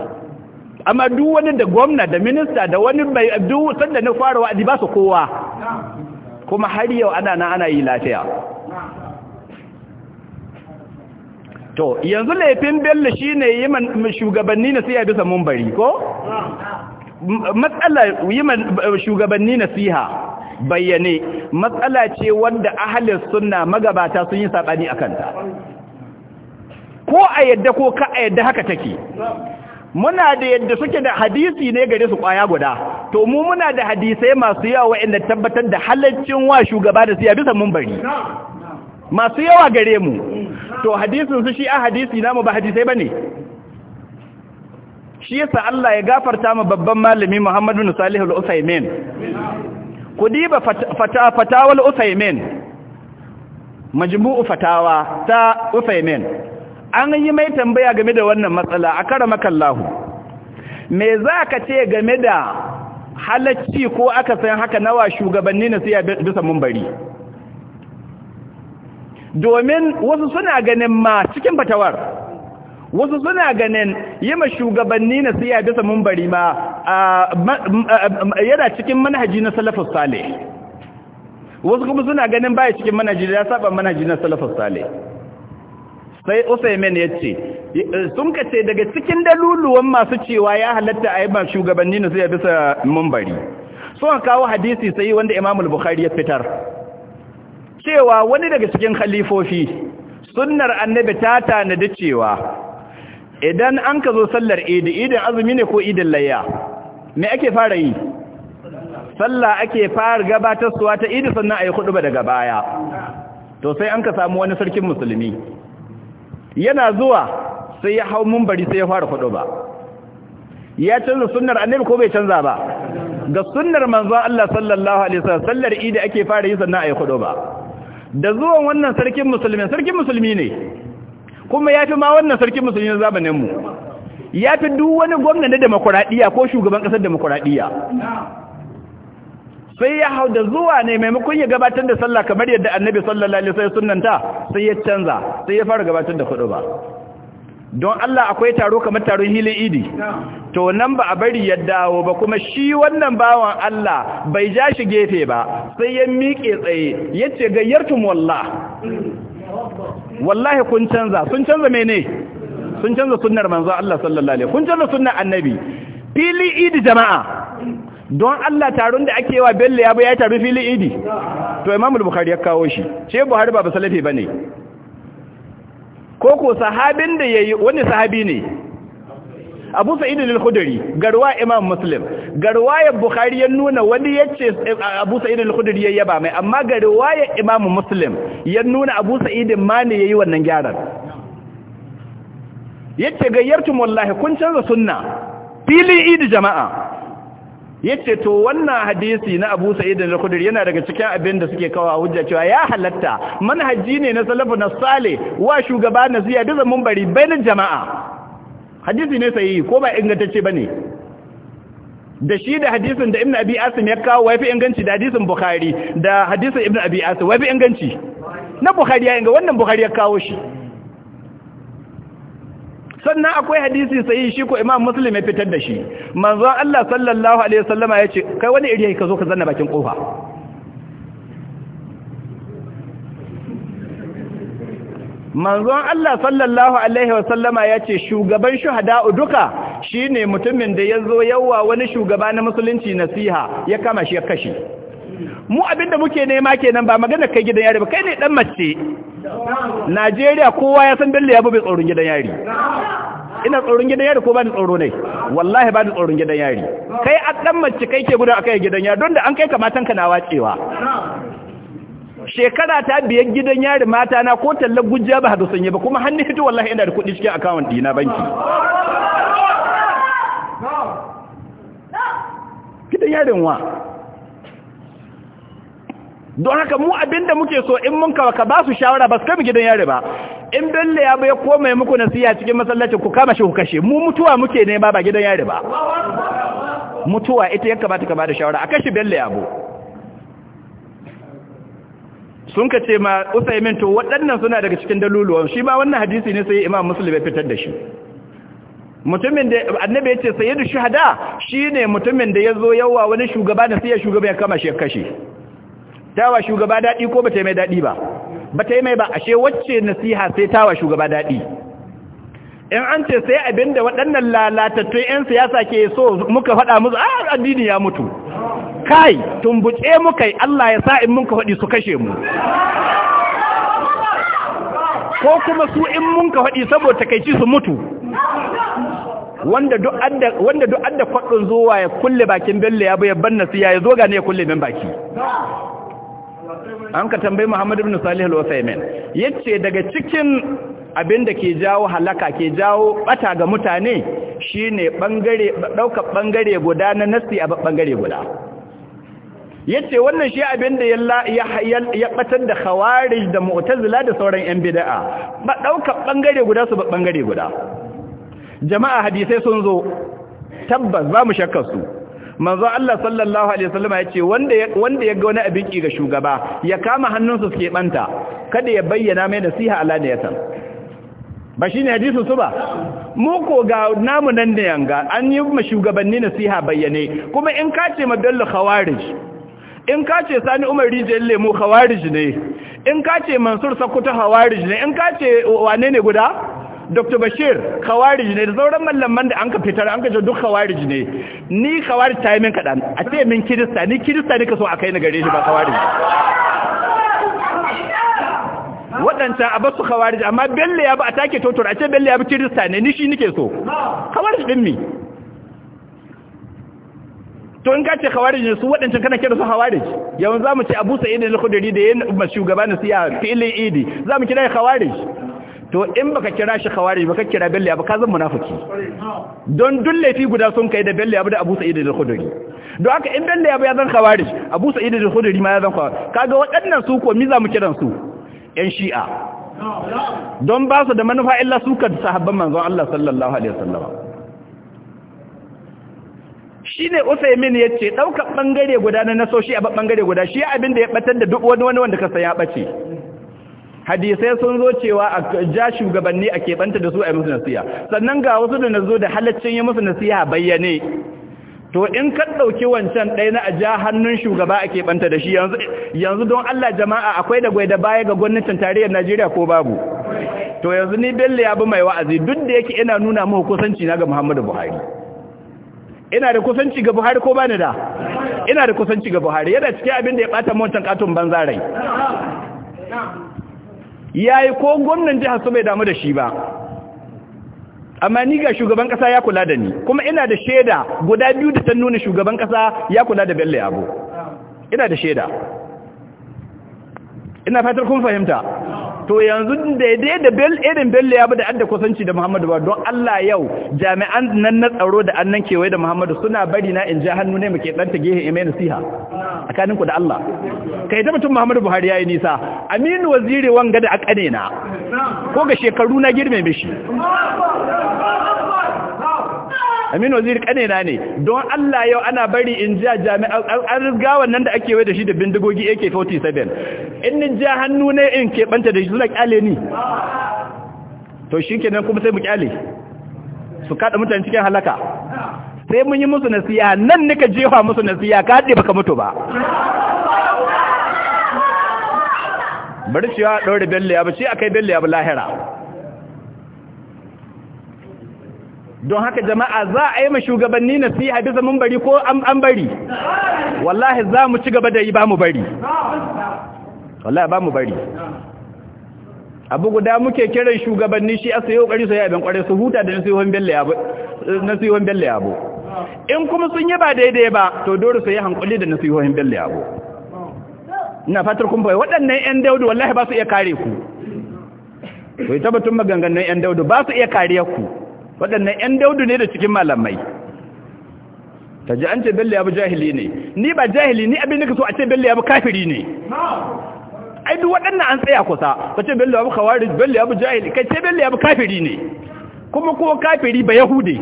amma duk wani da gwamna da minista da wani mai duk sanda na fara wa'azi ba su kowa kuma har yau ana na ana yi lafiya to yanzu laifin bello shine yi shugabanni na siya bisa mun bari ko matsala yi shugabanni siya. bayyane matsala ce wanda ahalin sunna magabata sun yi saɓani a kanta ko a yadda ko ka a yadda haka take muna da yadda suke da hadisi ne gare su kwaya guda to mu muna da hadisai masu yawa waɗanda tabbatar da halaccin wa shugaba da siya bisa mumbari masu yawa gare mu to hadisin su shi a hadisi namu ba hadisai ba ne? shi yasa Allah ya gafarta mu babban malami Muhammadu Salihu al-Utsaimin ku diba fatawal usaimin majmu'u fatawa ta usaimin an yi mai tambaya game da wannan matsala a me za ka ce game da halacci ko aka san haka nawa shugabanni na siya bisa mumbari domin wasu suna ganin ma cikin fatawar wasu suna ganin yi ma shugabanni na siya bisa mumbari ma yana cikin manhaji na salafus sale wasu kuma suna ganin baya cikin manhaji da ya saba manhaji na salafus sale sai usaimin ya ce sun ka ce daga cikin daluluwan masu cewa ya halatta a yi ma shugabanni na siya bisa mumbari sun kawo hadisi sai wanda imamul bukhari ya fitar cewa wani daga cikin khalifofi sunnar annabi ta tanadi cewa idan an ka zo sallar idi idin azumi ne ko idin layya me ake fara yi sallah ake fara gabatar suwa ta idi sannan a yi hudu daga baya to sai an ka samu wani sarkin musulmi yana zuwa sai ya hau mumbari sai ya fara hudu ba ya canza sunnar annabi ko bai canza ba ga sunnar manzo Allah sallallahu alaihi wasallam sallar idi ake fara yi sannan a yi hudu ba da zuwan wannan sarkin musulmi sarkin musulmi ne kuma ya fi ma wannan sarkin musulmi na zamaninmu ya fi duk wani gwamna na demokuraɗiyya ko shugaban ƙasar demokuraɗiyya sai ya hau da zuwa ne maimakon ya gabatar da sallah kamar yadda annabi sallallahu alaihi wasallam sunnanta sai ya canza sai ya fara gabatar da kudu ba don Allah akwai taro kamar taron hilin idi to nan ba a bari ya dawo ba kuma shi wannan bawan Allah bai ja shi gefe ba sai ya miƙe tsaye ya ce gayyartum wallah wallahi kun canza sun canza mene sun canza sunnar manzo Allah sallallahu alaihi kun canza sunnar annabi fili idi jama'a don Allah taron da ake yiwa bello ya bi ya taru fili idi to imamu bukhari ya kawo shi ce buhari ba ba salafi bane ko ko sahabin da yayi wani sahabi ne abu sa'id al-khudri garwa imam muslim garwa ya bukhari ya nuna wani yace abu sa'id al-khudri ya yaba mai amma garwa ya imam muslim ya nuna abu sa'id ma ne yayi wannan gyaran yace gayyartum wallahi kun canza sunna fili idi jama'a yace to wannan hadisi na Abu Sa'id al-Khudri yana daga cikin abin da suke kawo hujja cewa ya halatta manhaji ne na salafu na sale wa shugaba na ziya da zaman bari bainin jama'a hadisi ne sahihi ko ba ingantacce bane da shi da hadisin da ibn abi asim ya kawo wafi inganci da hadisin bukhari da hadisin ibn abi asim wafi inganci na bukhari ya inga wannan bukhari ya kawo shi sannan akwai hadisi sai shi ko imam muslim ya fitar da shi manzon Allah sallallahu alaihi wasallama yace kai wani iri ka zo ka zanna bakin kofa manzon Allah sallallahu alaihi wasallama ya ce shugaban shuhada'u duka shine mutumin da ya zo yawa wani shugaba na musulunci nasiha ya kama shi ya kashe mu abinda muke nema kenan ba magana kai gidan yari ba kai ne dan mace Najeriya kowa ya san Bello ya bai tsoron gidan yari ina tsoron gidan yari ko ba ni tsoro ne wallahi ba ni tsoron gidan yari kai a dan mace kai ke gudu akai gidan yari don da an kai ka matan ka na wacewa shekara ta biyan gidan yari mata na ko tallar gujiya ba hada sanye ba kuma hannun hito wallahi ina da kuɗi cikin akawun dina banki gidan yarin wa don haka mu abinda muke so in mun kawo ka ba su shawara ba su kama gidan yari ba in bello ya bai komai muku nasiya cikin masallacin ku kama shi ku kashe mu mutuwa muke nema ba gidan yari ba mutuwa ita ya kamata ka ba da shawara a kashe bello ya bu sun ka ce ma usaimin to waɗannan suna daga cikin daluluwan shi ba wannan hadisi ne sai imam Musulmi bai fitar da shi mutumin da annabi ya ce sayyidu shuhada shine mutumin da ya zo yawa wani shugaba da sai ya shugaba ya kama shi ya kashe tawa shugaba daɗi ko bata mai daɗi ba bata mai ba ashe wacce nasiha sai tawa shugaba daɗi. in an ce sai abinda waɗannan lalatattun 'yan siyasa ke so muka faɗa musu a ah, addini ya mutu kai tumbuce mu kai Allah ya sa in mun ka faɗi su kashe mu ko kuma su in mun ka faɗi saboda takaici su mutu wanda duk adda wanda duk kwaɗin zuwa ya kulle bakin belle ya bayar banna su ya zo gane ya kulle min baki an ka tambayi Muhammad ibn Salih al-Uthaymeen yace daga cikin abin da ke jawo halaka ke jawo bata ga mutane shine bangare daukar bangare guda na nasi a bangare guda yace wannan shi abin da ya batar da khawarij da mu'tazila da sauran yan bid'a ba daukar bangare guda su ba bangare guda jama'a hadisai sun zo tabbas ba mu shakkar su manzo Allah sallallahu alaihi wasallam yace wanda wanda ya ga wani abin ki ga shugaba ya kama hannunsa suke banta kada ya bayyana mai nasiha Allah ne ya san ba shine hadisin su ba mu ko ga namu nan da yanga an yi ma shugabanni nasiha bayyane kuma in kace ce ma bello khawarij in ka ce sani umar rijiyar lemu hawarij ne in ka ce mansur sakuta hawarij ne in ka ce wane ne guda dr bashir hawarij ne da sauran mallaman da an ka fitar an ka ce duk hawarij ne ni hawarij ta yi min kaɗan a ce min kirista ni kirista ne ka so a kai na gare shi ba hawarij waɗancan a basu hawarij amma bello ya ba a take totor a ce bello ya bi kirista ne ni shi nike so hawarij ɗin mi to in ka ce khawarij ne su waɗancan kana kira su khawarij yawan za mu ce abu sa'id al-khudri da yayin shugaba na siya fili idi za mu kira khawarij to in baka kira shi khawarij baka kira belli abu ka zan munafiki don duk laifi guda sun kai da belli abu da abu sa'id al-khudri don haka in belli abu ya zan khawarij abu sa'id al-khudri ma ya zan Ka kaga waɗannan su ko mi za mu kiran su yan shi'a don ba su da manufa illa su kan sahabban manzon Allah sallallahu alaihi wasallam shi ne usaimin ya ce ɗaukar ɓangare guda na nasoshi a ɓangare guda shi abin da ya ɓatar da duk wani wanda kasa ya ɓace hadisai sun zo cewa a ja shugabanni a keɓanta da su a yi musu nasiya sannan ga wasu da na zo da halaccin yi musu nasiya bayyane to in ka ɗauki wancan ɗaya na a ja hannun shugaba a keɓanta da shi yanzu don Allah jama'a akwai da gwai da baya ga gwamnatin tarayyar Najeriya ko babu to yanzu ni Bello ya bi mai wa'azi duk da yake ina nuna muku kusanci na ga Muhammadu Buhari ina da kusanci ga buhari ko bani da ina da kusanci ga buhari yana cike abin da ya bata motan katon banza rai yayi ko gwamnan jihar su bai damu da shi ba amma ni ga shugaban kasa ya kula da ni kuma ina da shaida guda biyu da ta nuna shugaban kasa ya kula da bello yabo ina da shaida ina fatar kun fahimta to yanzu daidai da irin bello ya bada adda kusanci da muhammadu ba don allah yau jami'an nan na tsaro da annan kewaye da muhammadu suna bari na in ja hannu ne muke ɗanta gehen imai siha, tsakanin ku da allah kai ta mutum muhammadu buhari ya yi nisa aminu waziri wanga da akane na ko ga shekaru na girme mishi Aminu Waziri kanena ne don Allah yau ana bari in ji jami'an an riga wannan da ake wai da shi da bindigogi AK47 in ni ja hannu ne in keɓanta da shi suna ƙyale ni to shi kenan kuma sai mu kyale su kaɗa mutane cikin halaka sai mun yi musu nasiya nan nika jefa musu nasiya ka haɗe baka mutu ba bari cewa ɗaure bello ya ba shi akai bello ya ba lahira don haka jama'a za a yi ma shugabanni nasiha bisa mun bari ko an bari wallahi za mu ci gaba da yi ba mu bari wallahi ba mu bari abu guda muke kiran shugabanni shi a yau kari su abin kwarai su huta da nasihohin belle abu. in kuma sun yi ba daidai ba to dole su yi hankuli da nasihohin belle abu. ina fatar kun bai waɗannan 'yan daudu wallahi ba su iya kare ku to yi tabbatun maganganun 'yan daudu ba su iya kariya ku waɗannan 'yan daudu ne da cikin malamai ta ji an ce bello ya jahili ne ni ba jahili ni abin da ka so a ce bello ya kafiri ne ai duk waɗannan an tsaya kusa ka ce bello ya bi kawari bello ya jahili kai ce bello ya kafiri ne kuma ko kafiri ba yahudi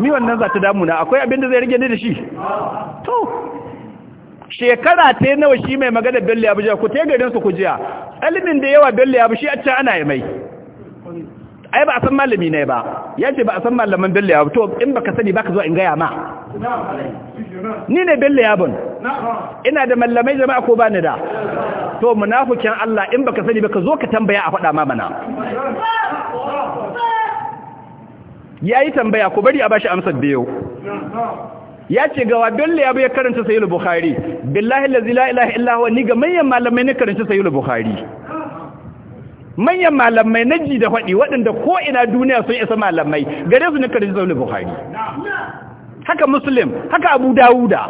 ni wannan za ta damuna akwai abin da zai rage ne da shi to shekara ta nawa shi mai magana bello ya bi jahili ku te garin su ku jiya Alimin da yawa bello ya shi a can ana yi mai ai ba a san malami ne ba ya ce ba a san malaman bello yabo to in baka sani baka zo in gaya ma ni ne bello yabon ina da mallamai jama'a ko bani da to munafikin Allah in baka sani baka zo ka tambaya a faɗa ma mana yayi tambaya ko bari a bashi amsar biyo ya ce gawa bello yabo ya karanta sayyid bukhari billahi la ilaha illa huwa ni ga manyan malamai ne karanta sayyid bukhari manyan malamai na ji da faɗi waɗanda ko ina duniya sun isa malamai gare su na karji zaune buhari haka muslim haka abu dawuda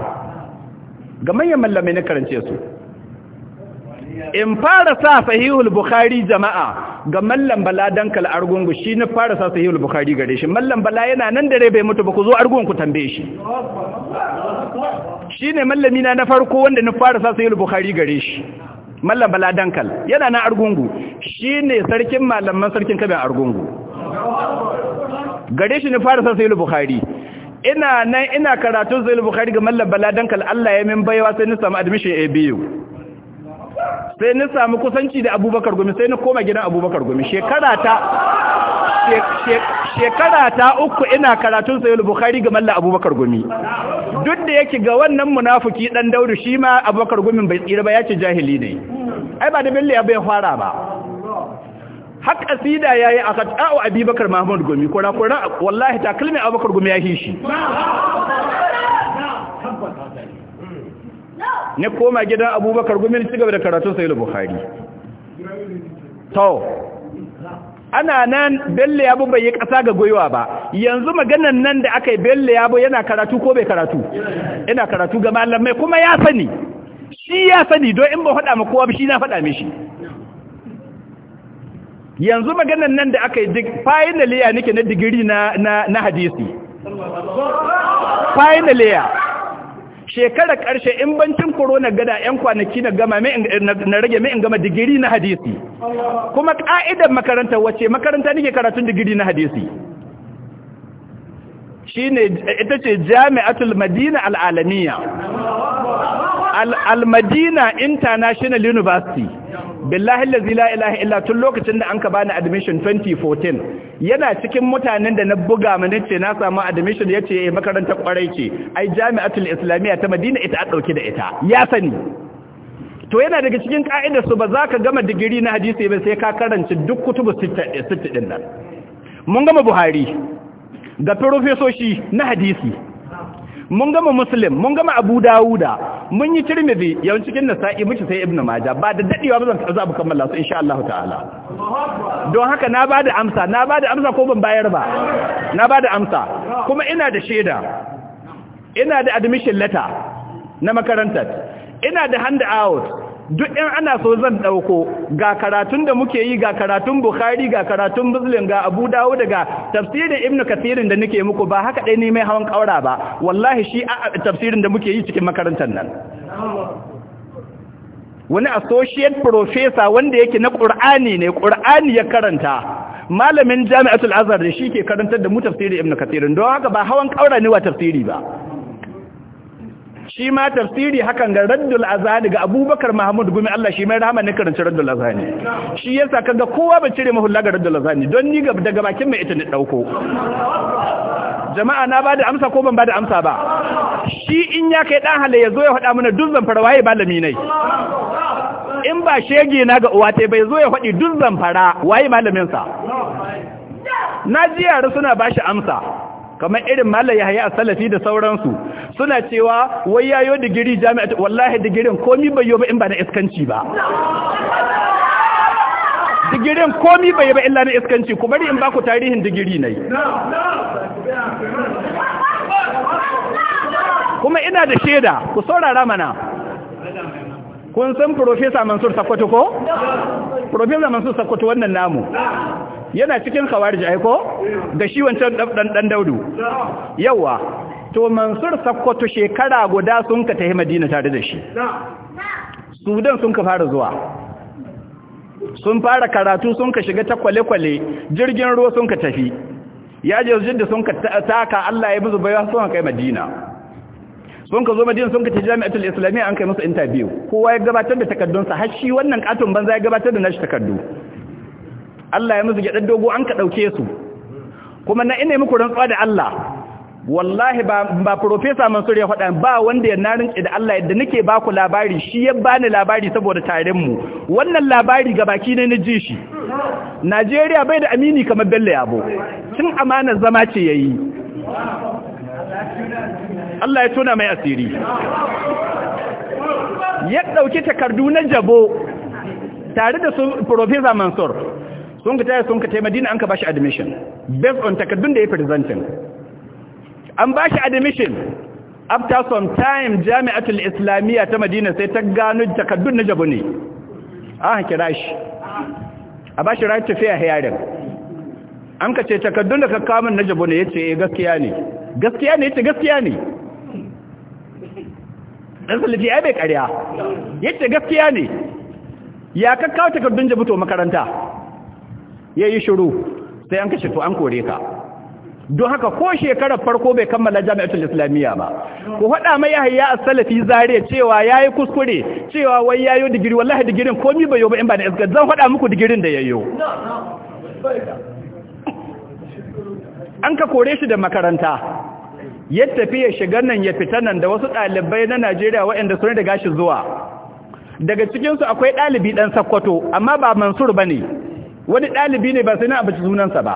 ga manyan malamai na karance su in fara sa sahihul bukhari jama'a ga mallam bala dankal argungu shi na fara sa sahihul bukhari gare shi mallam bala yana nan dare bai mutu ba ku zo argungu tambaye shi shi mallami na na farko wanda na fara sa sahihul bukhari gare shi mallam bala dankal yana na argungu shine sarkin malaman sarkin kabin argungu gare shi ne fara sa sai bukhari ina nan ina karatu sai bukhari ga mallam bala dankal Allah ya min baiwa sai ni samu admission a biyu sai na samu kusanci da abubakar gumi sai na koma gidan abubakar gumi shekara ta uku ina karatun sayul bukari ga malla abubakar gumi duk da yake ga wannan munafuki dan daudu shi ma abubakar gumin bai tsira ba ya ce jahili ne ai ba da billa ya bai fara ba hak asida yayi aka ta'u abubakar mahmud gumi kura kura wallahi takalmin abubakar gumi ya hishi ne koma gidan abubakar gumin ci gaba da karatun sayi buhari to ana nan belle yabo bai yi ƙasa ga gwiwa ba yanzu maganan nan da aka yi belle yabo yana karatu ko bai karatu yana karatu ga malamai kuma ya sani shi ya sani don in ba faɗa ma kowa shi na faɗa mishi yanzu maganan nan da aka yi finally ya nake na digiri na na hadisi finally shekara ƙarshe in bancin korona gada 'yan kwanaki na gama na rage mai in gama digiri na hadisi kuma ƙa'idar makaranta wace makaranta nike karatun digiri na hadisi shi ne ita ce jami'atul madina al'alamiya al international university billahi allazi la ilaha illa tun lokacin da an ka bani admission 2014 yana cikin mutanen da na buga mu nace na samu admission yace eh makarantar kwarai ce ai jami'atul islamiyya ta Madina ita a dauke da ita ya sani to yana daga cikin ka'idar su ba za ka gama digiri na hadisi ba sai ka karanci duk kutubu 60 din nan mun gama buhari ga profesoshi na hadisi mun gama muslim mun gama abu dawuda mun yi tirmidhi yawan cikin nasa'i muke sai ibnu majah ba da dadewa ba zan za mu kammala su insha Allah ta'ala don haka na bada amsa na bada amsa ko ban bayar ba na bada amsa kuma ina da shaida ina da admission letter na makarantar ina da hand out duk in ana so zan ɗauko ga karatun da muke yi ga karatun bukhari ga karatun muslim ga abu dawud ga tafsirin ibnu kathirin da nake muku ba haka dai ne mai hawan kaura ba wallahi shi tafsirin da muke yi cikin makarantar nan wani associate professor wanda yake na qur'ani ne qur'ani ya karanta malamin jami'atul azhar da shi ke karantar da mu tafsirin ibn kathir don haka ba hawan kaura ne wa tafsiri ba shi ma tafsiri hakan ga raddul azani, ga abubakar mahamud gumi Allah shi mai rahama ne karanci raddul azani. shi yasa kaga kowa ba cire mahulla ga raddul azani, don ni daga bakin mai ita ne dauko jama'a na bada amsa ko ban bada amsa ba shi in ya kai dan hale ya zo ya faɗa mana duk zamfara waye lami ne in ba shege na ga uwa bai zo ya faɗi duk zamfara waye malamin sa na jiya yara suna bashi amsa kamar irin Malam Yahaya a Salafi da sauransu suna cewa wai yayo digiri jami'a wallahi digirin komi bai yo ba in ba na iskanci ba digirin komi bai ba illa na iskanci ku bari in ba ku tarihin digiri ne kuma ina da shaida ku saurara mana kun san profesa mansur sakwato ko? profesa mansur sakwato wannan namu yana cikin khawarij ai ko da shi wancan dan dan daudu yawa to mansur sakkwato shekara guda sun ka tafi madina tare da shi sudan sun ka fara zuwa sun fara karatu sun ka shiga ta kwale-kwale jirgin ruwa sun ka tafi ya je jidda sun ka taka Allah ya buzu bayan sun kai madina sun ka zo madina sun ka ta jami'atul islamiyya an kai musu interview kowa ya gabatar da takaddunsa har shi wannan katon banza ya gabatar da nashi takaddu Allah ya musu gyaɗar dogo an ka ɗauke su kuma na ina muku rantsuwa da Allah wallahi ba ba Mansur ya faɗa ba wanda ya narin da Allah yadda nake ba ku labari shi ya bani labari saboda tarin wannan labari ga baki ne na ji shi Najeriya bai da amini kamar Bello Yabo cin amanar zama ce yayi Allah ya tona mai asiri ya ɗauki takardu na jabo tare da su Profesa Mansur sun ka taya sun ka madina an ka bashi admission based on takardun da ya presenting an bashi admission after some time jami'atul islamiyya ta madina sai ta gano takardun na jabu ne an ah, kira shi a bashi right to fair hearing an ka ce takardun da ka kamun na jabu ne ya ce eh, gaskiya ne gaskiya ne ya ce gaskiya ne ɗan salifi ya bai ƙarya ya ce gaskiya ne ya kakkawa takardun jabu to makaranta ya yi shiru sai an kashe to an kore ka don haka ko shekarar farko bai kammala jami'atul islamiyya ba ku haɗa mai yahaya a salafi zare cewa yayi kuskure cewa wai yayo digiri wallahi digirin komai bai yo ba in ba da iska zan haɗa muku digirin da yayo an ka kore shi da makaranta ya tafi ya shiga nan ya fita nan da wasu ɗalibai na Najeriya waɗanda sun da shi zuwa daga cikinsu akwai ɗalibi ɗan Sakkwato amma ba Mansur ne. wani ɗalibi ne ba sai na abaci sunansa ba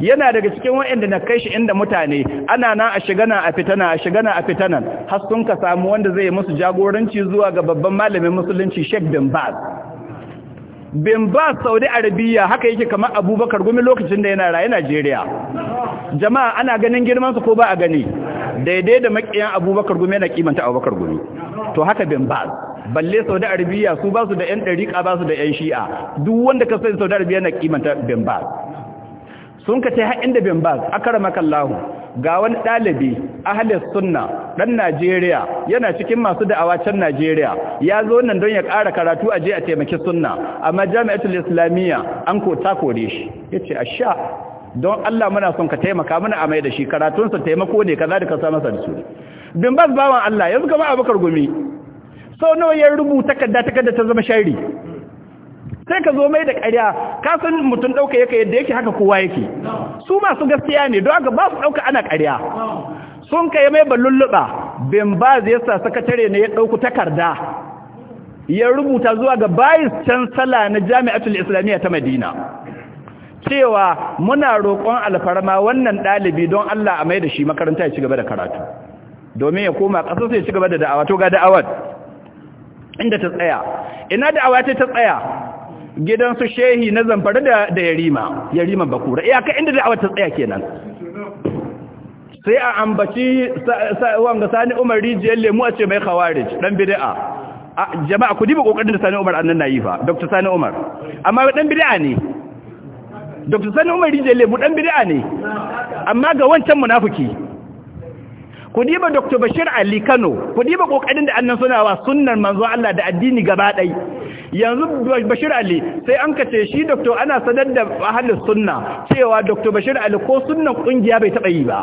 yana daga cikin waɗanda na kai shi inda mutane ana na a shiga na a fitana a shiga na a fitanan har sun ka samu wanda zai musu jagoranci zuwa ga babban malamin musulunci Sheikh bin Baz bin Baz Saudi Arabia haka yake kamar Abubakar gumi lokacin da yana raye Najeriya jama'a ana ganin girman su ko ba a gani daidai da makiyan Abubakar gumi yana kimanta Abubakar gumi to haka bin Baz balle saudi arabiya su ba su da yan dariƙa ba su da yan shi'a duk wanda ka sani saudi arabiya na kimanta bin baz sun ka ce har inda bin baz Kallahu, ga wani ɗalibi ahalis sunna ɗan Najeriya yana cikin masu da'awa can Najeriya ya zo nan don ya ƙara karatu a je a taimaki sunna amma jami'atul islamiyya an ko ta kore shi ya ce a sha don Allah muna son ka taimaka mana a mai da shi karatunsa taimako ne kaza da ka sa masa da su bin bawan Allah yanzu kama abokar gumi sau nawa ya rubuta takarda takarda ta zama shari sai ka zo mai da ƙarya ka san mutum ɗauka yake yadda yake haka kowa yake su masu gaskiya ne don haka ba su ɗauka ana ƙarya sun kai mai ballulluɓa bin ba zai sa sakatare ne ya ɗauku takarda ya rubuta zuwa ga bayis can sala na jami'atul islamiyya ta madina cewa muna roƙon alfarma wannan ɗalibi don Allah a mai da shi makaranta ya ci gaba da karatu domin ya koma ƙasar sai ya ci gaba da da'awa to ga da'awar inda ta tsaya ina da awa ta tsaya su shehi na zamfara da da yarima yarima bakura iyaka inda da awa ta tsaya kenan sai a ambaci wanga sani umar rijiyar lemu a ce mai khawarij dan bid'a jama'a ku diba kokarin da sani umar annan nayi fa dr sani umar amma dan bid'a ne dr sani umar rijiyar lemu dan bid'a ne amma ga wancan munafiki ku diba Dr. Bashir Ali Kano ku diba kokarin da annan suna wa sunan manzo Allah da addini gaba ɗai yanzu Bashir Ali sai an kace shi Dr. ana sanar da ahlus sunna cewa Dr. Bashir Ali ko sunnan kungiya bai taba yi ba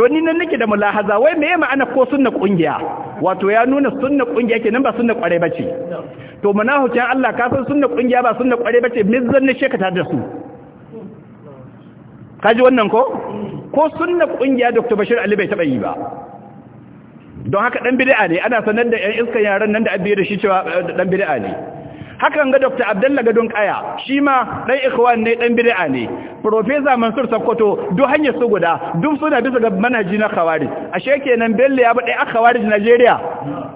to ni nan nake da mulahaza wai meye ma'ana ko sunna kungiya wato ya nuna sunna kungiya kenan ba sunna kware bace to manahucin Allah ka san sunna kungiya ba sunna kware bace mizan ne shekata da su kaji wannan ko ko sunna kungiya Dr. Bashir Ali bai taba yi ba don haka dan bid'a ne ana sanar da ƴan iskan yaran nan da abiye da shi cewa eh, dan bid'a ne hakan ga Dr. Abdullah Gadon Kaya shi ma dan ikhwan ne dan bid'a ne Professor Mansur Sokoto duk hanyar su guda duk suna bisa ga manhaji na Khawarij ashe kenan Bello ya bude a Khawarij Najeriya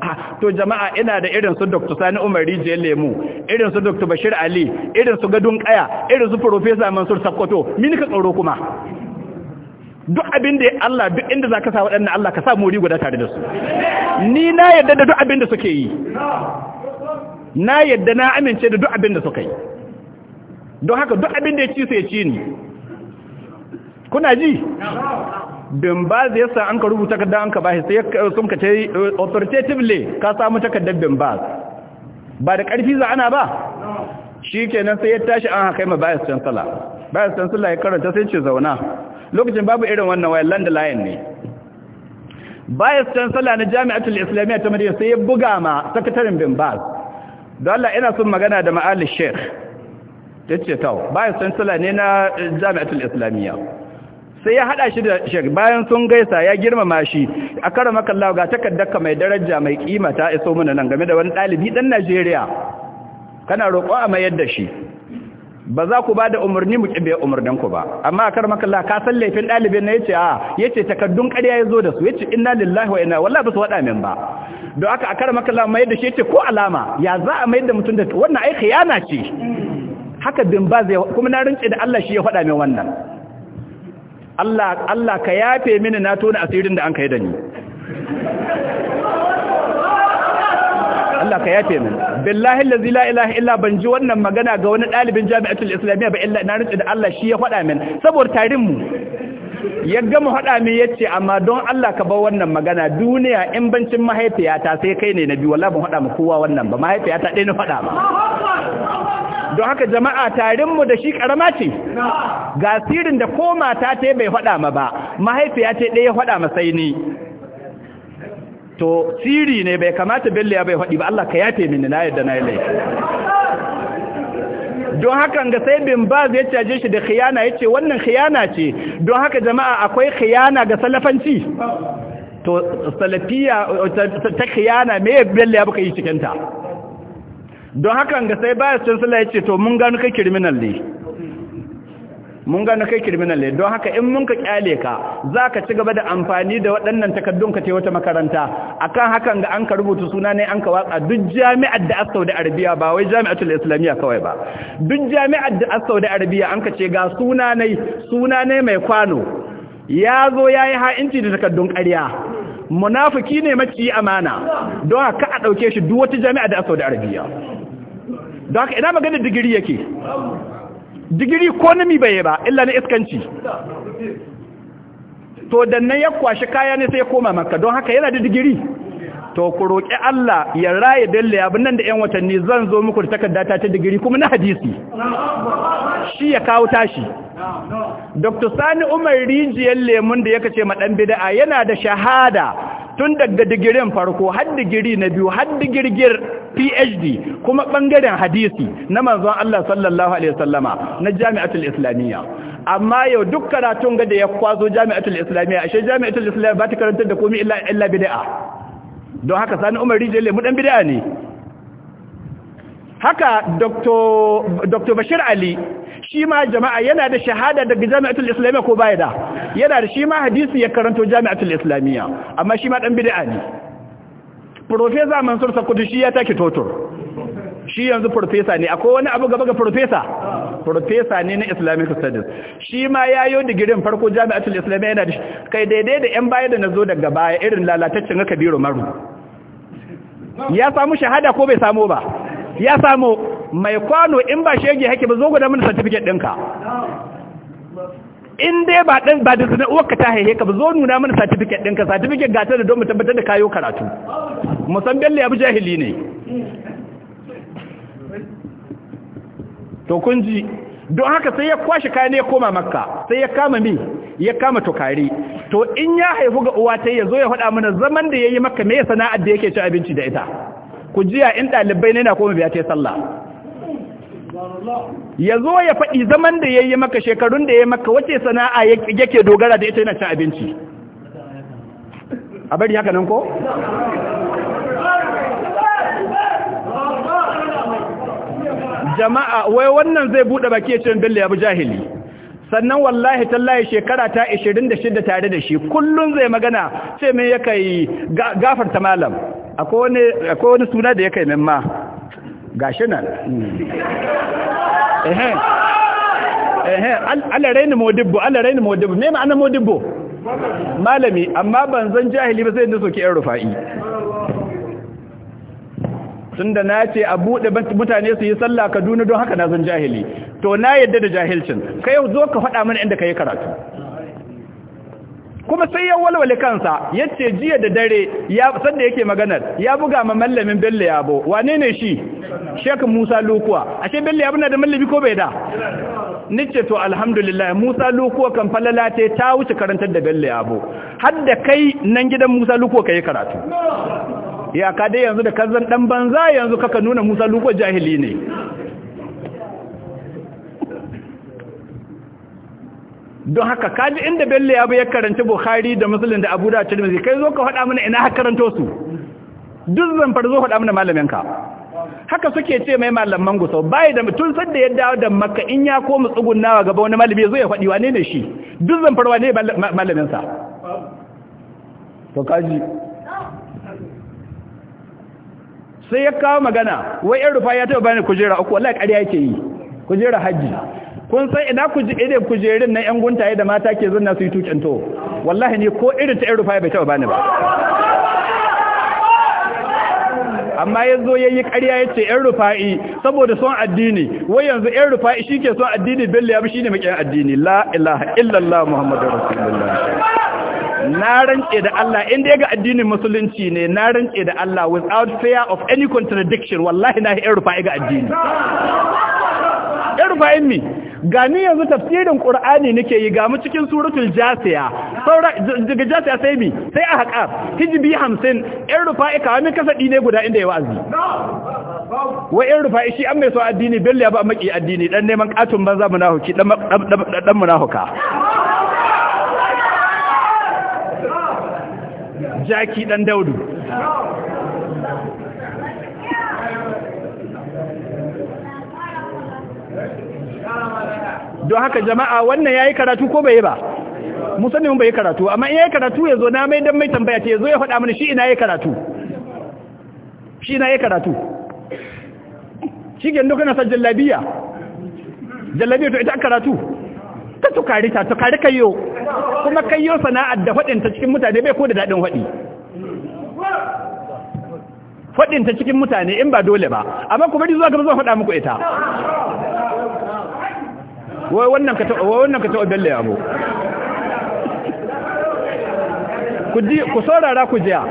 ah, to jama'a ina da irin su Dr. Sani Umar Rijiye Lemu irin su Dr. Bashir Ali irin su Gadon Kaya irin su Professor Mansur Sokoto, mini ka tsoro kuma duk abin da Allah duk inda za ka sa waɗannan Allah ka sa mori guda tare da su ni na yadda da duk abin da suke yi na yadda na amince da duk abin da suka yi don haka duk abin da ya ci su ya ci ni kuna ji bin ba zai yasa an ka rubuta takarda an ka bashi sai sun ka ce eh, authoritatively ka samu takardar bin ba ba da ƙarfi za ana ba shi kenan sai ya tashi an haka yi ma bayas chancellor Bayan chancellor ya karanta sai ce zauna lokacin babu irin wannan waya land line ne bayan chancellor na jami'atul islamiyya ta madina sai ya buga ma sakataren bin bas don Allah ina son magana da ma'ali sheikh tace ce tau bayan chancellor ne na jami'atul islamiyya sai ya hada shi da sheikh bayan sun gaisa ya girmama shi a kara makallawa ga takaddaka mai daraja mai kima ta iso mana nan game da wani ɗalibi ɗan najeriya kana roƙo a mayar da shi ba za ku ba da umarni mu kibe ku ba amma kar makalla ka san laifin dalibin na yace a yace takaddun ƙarya yazo da su yace inna lillahi wa inna wallahi ba su wada min ba don aka a kar makalla mai da shi yace ko alama ya za a mai da mutum da wannan ai khiyana ce haka din ba zai kuma na rince da Allah shi ya faɗa min wannan Allah Allah ka yafe mini na tona asirin da an kai da ni Allah ka yafe min billahi allazi la ilaha illa ban ji wannan magana ga wani dalibin jami'atul islamiyya ba illa na rike da Allah shi ya faɗa min saboda tarin mu ya gama faɗa min yace amma don Allah ka bar wannan magana duniya in bancin mahaifiyata sai kai ne nabi wallahi ban faɗa mu kowa wannan ba mahaifiyata ɗaya na faɗa ma don haka jama'a tarin mu da shi karama ce ga da ko mata ta bai faɗa ma ba mahaifiya dai ya faɗa ma sai ni to siri ne bai kamata bello ya bai faɗi ba Allah ka yafe mini na yadda na yi laifi don hakan ga sai bin baz ya caje shi da khiyana yace wannan khiyana ce don haka jama'a akwai khiyana ga salafanci to salafiya ta khiyana me bello ya buka yi cikin ta don hakan ga sai baz sun sala yace to mun gano kai criminal ne mun gano kai kirminal ne don haka in mun ka kyale ka za ka ci gaba da amfani da waɗannan takardun ka ce wata makaranta akan hakan ga an ka rubuta suna ne an ka watsa duk jami'ar da Saudi Arabia ba wai jami'atul Islamiyya kawai ba duk jami'ar da Saudi Arabia an ka ce ga suna ne suna ne mai kwano ya zo yayi ha'inci da takardun ƙarya munafiki ne maciyi amana don haka a ɗauke shi duk wata jami'a da Saudi Arabiya don haka ina maganar digiri yake digiri ko nami bai ba illa na iskanci to dan nan ya kwashi kaya ne sai ya koma maka don haka yana da digiri to ku roƙi Allah ya raye dalle abin nan da ƴan watanni zan zo muku da takarda ta digiri kuma na hadisi shi ya kawo tashi Dr. Sani Umar rijiyar lemun da yake ce ma dan bid'a yana da shahada tun daga digirin farko har digiri na biyu har digirgir PhD kuma bangaren hadisi na manzon Allah sallallahu alaihi wasallama na Jami'atul Islamiyya amma yau duk karatun ga da ya kwazo Jami'atul Islamiyya ashe Jami'atul Islamiyya ba ta karantar da komai illa illa bid'a don haka sani umar rijiyar lemu ɗan bida ne haka dr bashir ali shi ma jama'a yana da shahada daga jami'atul islamiyya ko baya da yana da shi ma hadisi ya karanto jami'atul islamiyya amma shi ma ɗan bida ne profesa mansur sakudu shi ya take totor shi yanzu profesa ne akwai wani abu gaba ga profesa profesa ne na islamic studies shi ma ya yi digirin farko jami'atul islamiyya yana da kai daidai da yan baya da na zo daga baya irin lalataccen na kabiru maru ya samu shahada ko bai samu ba ya samu mai kwano in ba shege hake ba zo guda mana certificate ɗinka in dai ba ɗin ba da zina uwaka ta haihe ka ba zo nuna mana certificate ɗinka certificate gata da don mu tabbatar da kayo karatu musan bello ya bi jahili ne to kun ji don haka sai ya kwashi kayan ya koma makka sai ya kama mi ya kama tukari to in ya haifu ga uwa ta yazo ya faɗa mana zaman da yayi makka me sana'ar da yake ci abinci da ita ku jiya in ɗalibai ne na koma biya ta sallah ya zo ya faɗi zaman da ya yi maka shekarun da ya yi makka wace sana'a yake dogara da ita yana cin abinci a bari haka nan ko? jama'a wai wannan zai bude baki ya billa bello jahili sannan wallahi tallahi shekara ta 26 tare da shi kullun zai magana ce me yake yi gafarta malam akwai wani akwai wani suna da yake min ma gashi nan ehe ehe Allah raini modibbo Allah raini modibbo me ma'ana modibbo malami amma ban zan jahili ba sai da ki yan rufa'i tunda na ce a buɗe mutane su yi sallah Kaduna don haka na zan jahili to na yadda da jahilcin kai zo ka faɗa mana inda kai karatu kuma sai ya walwale kansa yace jiya da dare ya sanda yake maganar ya buga ma mallamin Bello Yabo wane ne shi Sheikh Musa Lukuwa ashe Bello Yabo na da mallabi ko bai da nice to alhamdulillah Musa Lukuwa kan falala ta wuce karantar da Bello Yabo har da kai nan gidan Musa Lukuwa kai karatu ya ka dai yanzu da kanzan dan banza yanzu kaka nuna Musa luko jahili ne don haka kaji inda Bello ya bi ya karanci Bukhari da Muslim da Abu Dawud da Tirmidhi kai zo ka faɗa mana ina ka karanto su duk zan farzo faɗa mana malaminka haka suke ce mai malaman gusa bai da tun sanda ya dawo da makka in ya koma tsugunnawa gaba wani malami zai faɗi wane ne shi duk zan farwa ne malaminsa to kaji sai ya kawo magana wai yan rufa ya taɓa bani kujera uku wallahi ƙarya yake yi kujera hajji kun san ina ku ji kujerin na yan guntaye da mata ke zanna su yi tukin to wallahi ne ko irin ta yan rufa bai taɓa bani ba amma ya zo ya yi ƙarya ya ce ‘yan rufa'i saboda son addini wai yanzu ‘yan rufa'i shi ke son addini bello ya bi shi ne addini la ilaha illallah muhammadu rasulullah na rantse da Allah in dai ga addinin musulunci ne na rantse da Allah without fear of any contradiction wallahi na yi rufa'i ga addini yan rufa'in mi gani yanzu tafsirin qur'ani nake yi ga mu cikin suratul jasiya saura daga jasiya sai mi sai a haƙa hijibi 50 yan rufa'i ka wani kasa ne guda inda ya wa'azi wa yan rufa'i shi an mai so addini bella ba maki addini dan neman katun banza munahuki dan dan munahuka jaki ɗan daudu don haka jama'a wannan ya yi karatu ko bai yi ba musamman bai yi karatu amma in ya yi karatu ya zo na mai don mai tambaya ce ya zo ya faɗa mana shi ina yi karatu shi ina yi karatu shi gendo kana sa jallabiya jallabiya to ita karatu ka tukari ta tukari kayo kuma kayyo sana'ar da faɗinta cikin mutane bai ko da daɗin faɗi faɗinta cikin mutane in ba dole ba amma kuma bari zuwa gaba zuwa faɗa muku ita wai wannan ka taɓa wannan ka taɓa ku ji ku saurara ku jiya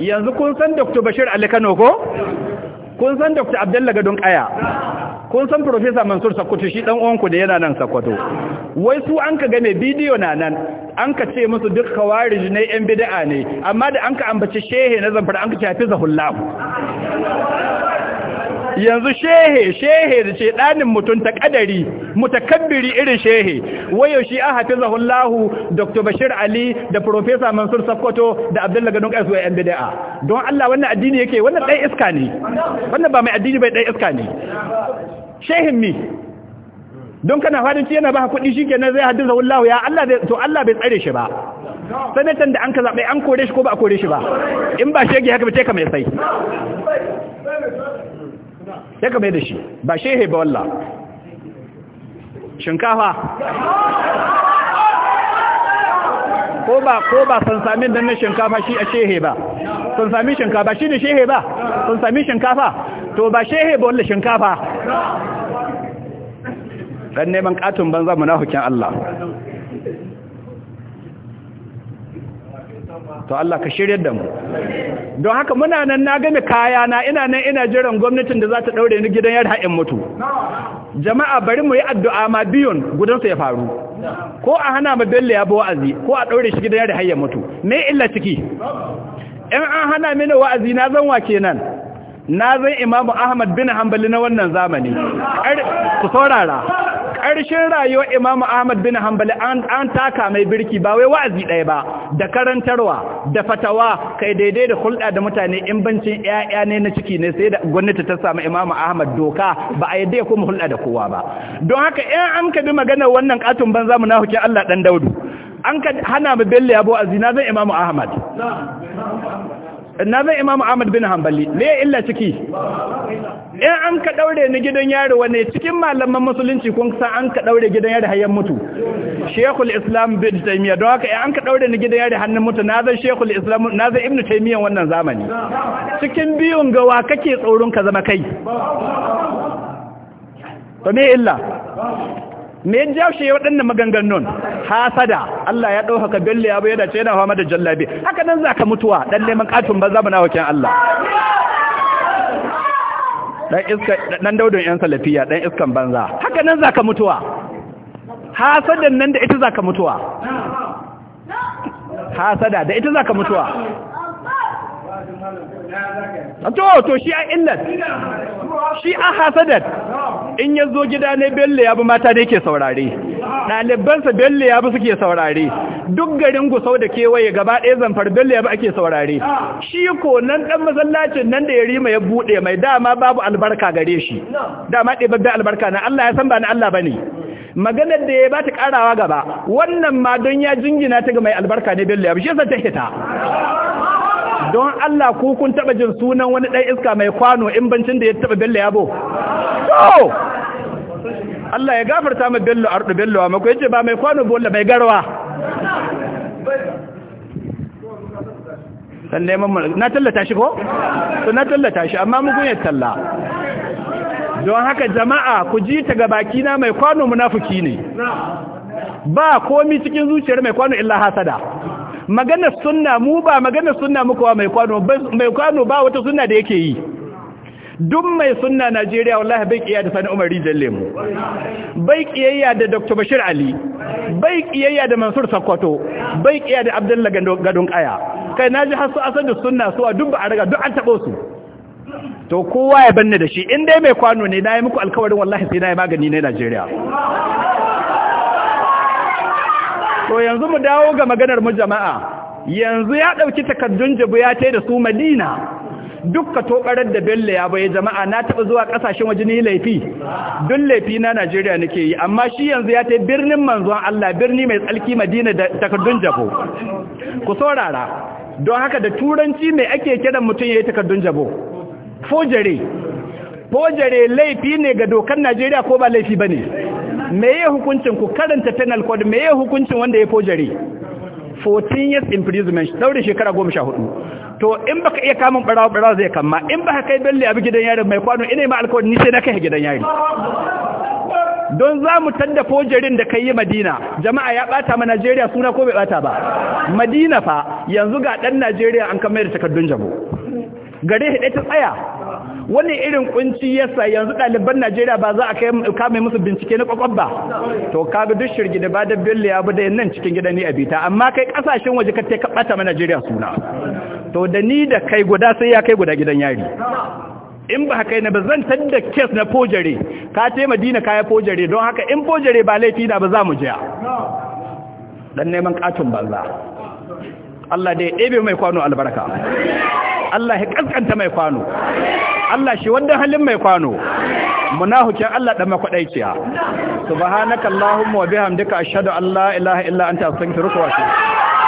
yanzu kun san Dr. Bashir Ali Kano ko kun san Dr. Abdalla Gadon Kaya kun san profesa mansur sakkwato shi dan uwanku da yana nan sakkwato wai su an ka game bidiyo na nan an ka ce musu duk khawarij ne yan bid'a ne amma da an ka ambaci shehe na zamfara an ka ce zahullahu yanzu shehe shehe da ce ɗanin mutum ta ƙadari mutakabbiri irin shehe wayo shi an zahullahu dr bashir ali da profesa mansur sakkwato da abdullahi gadon wa yan bid'a don Allah wannan addini yake wannan dai iska ne wannan ba mai addini bai dai iska ne shehin mi don kana ciye na ba kudi shi kenan zai zaun wallahu ya Allah to Allah bai tsare shi ba sanatan da an ka zaɓe an kore shi ko ba a kore shi ba in ba shege haka bace ka mai sai ya ka mai da shi ba shehe ba wallah shinkafa ko ba ko ba san samin dan shinkafa shi a shehe ba san samin shinkafa shi ne shehe ba san samin shinkafa to ba shehe ba wanda shinkafa dan neman katon banza munafikin Allah to Allah ka shirye da mu don haka muna nan na game kaya na ina nan ina jiran gwamnatin da za ta daure ni gidan yar ha'in mutu jama'a bari mu yi addu'a ma biyun sa ya faru ko a hana ma bello ya bi wa'azi ko a daure shi gidan yar ha'in mutu me illa ciki in an hana mini wa'azi na zan wa kenan na zai imamu ahmad bin hanbali na wannan zamani ku saurara ƙarshen rayuwar imamu ahmad bin hanbali an taka mai birki ba wai wa'azi ɗaya ba da karantarwa da fatawa kai daidai da hulɗa da mutane in bancin yaya ne na ciki ne sai da gwamnati ta samu imamu ahmad doka ba a yadda ya kuma hulɗa da kowa ba don haka in an ka bi maganar wannan katon banza mu na hukin allah ɗan daudu an ka hana mu bello abu azina na zan imamu ahmad na zai imamu ahmad bin hanbali me ya illa ciki in an ka daure ni gidan yaro wane cikin malaman musulunci kun san an ka daure gidan yaro hayyan mutu shekul islam bin taimiyya don haka in an ka daure ni gidan yaro hannun mutu na zai shekul islam na zai ibnu taimiyyan wannan zamani cikin biyun gawa kake tsoron ka zama kai to me illa me ya jawo shi waɗannan maganganun hasada Allah ya ɗaukaka belle ya bayyana ce yana fama da jallabi haka nan za ka mutuwa ɗan neman ƙatun ba za mu nawa kyan Allah ɗan daudin 'yan salafiya ɗan iskan banza haka nan za ka mutuwa hasadan nan da ita za ka mutuwa hasada da ita za ka mutuwa to to shi a illat shi a hasadar. in ya zo gida ne bello ya bi mata da yake saurare ɗalibansa bello ya bi suke saurare duk garin gusau da kewaye gaba ɗaya zamfar bello ya bi ake saurare shi ko nan ɗan masallacin nan da ya rima ya buɗe mai dama babu albarka gare shi dama babu albarka na Allah ya san ba na Allah ba ne maganar da ya ba ta ƙarawa gaba wannan ma don ya jingina ta ga mai albarka ne bello ya bi shi yasa ta hita don Allah ku kun taba jin sunan wani ɗan iska mai kwano in bancin da ya taba bello yabo to Allah ya gafarta ma bello ardu bello amma ku yace ba mai kwano bolla mai garwa sannan mun na tallata shi ko to na tallata shi amma mugun ya talla don haka jama'a ku ji ta ga baki na mai kwano munafiki ne ba komi cikin zuciyar mai kwano illa hasada Maganar sunna mu ba magana sunna muka wa mai kwano mai kwano ba wata sunna da yake yi duk mai sunna Najeriya wallahi bai kiyaya da Sani Umar Rijalle mu bai kiyaya da Dr. Bashir Ali bai kiyaya da Mansur Sakkwato bai kiyaya da Abdullah Gadon Kaya kai naji har su asar da sunna su a duk ba a raga duk an tabo su to kowa ya banne da shi in dai mai kwano ne nayi muku alkawarin wallahi sai nayi magani ne Najeriya to yanzu mu dawo ga maganar mu jama'a yanzu ya ɗauki takaddun jabu ya tai da su madina dukka karar da bello ya bai jama'a na taba zuwa kasashen waje ni laifi don laifi na najeriya nake yi amma shi yanzu ya tai birnin manzon allah birni mai tsalki madina da takaddun jabo ku saurara don haka da turanci mai ake kiran mutum ya yi takardun jabo fojere fojare laifi ne ga dokar najeriya ko ba laifi bane meye hukuncin ku karanta penal code meye hukuncin wanda ya fojare 14 years imprisonment daure shekara 14 to in baka iya kamun barawo barawo zai kama in baka kai belle abi gidan yari mai kwano ina ma alkawari ni sai na kai gidan yari don za mu tadda fojarin da kai yi madina jama'a ya bata ma najeriya suna ko bai bata ba madina fa yanzu ga dan najeriya an kamar da takardun jabo gare hade ta tsaya wani irin kunci yasa yanzu ɗaliban Najeriya ba za a kai kame musu bincike na ba. to ka duk shirgi da ba da billa ya bude nan cikin gida ni a bita amma kai kasashen waje ka te ka bata ma Najeriya suna to da ni da kai guda sai ya kai guda gidan yari in ba haka yana ba zan tadda kes na fojare ka ce madina kaya fojare don haka in fojare ba laifi na ba za mu jiya dan neman katon banza Allah da ya ɗebe mai kwano albarka Allah ya ƙasƙanta mai kwano Allah shi wanda halin mai kwano munahukin Allah ɗan makwaɗaiciya subhanakallahumma wa bihamdika ashhadu an la ilaha illa anta astaghfiruka wa atubu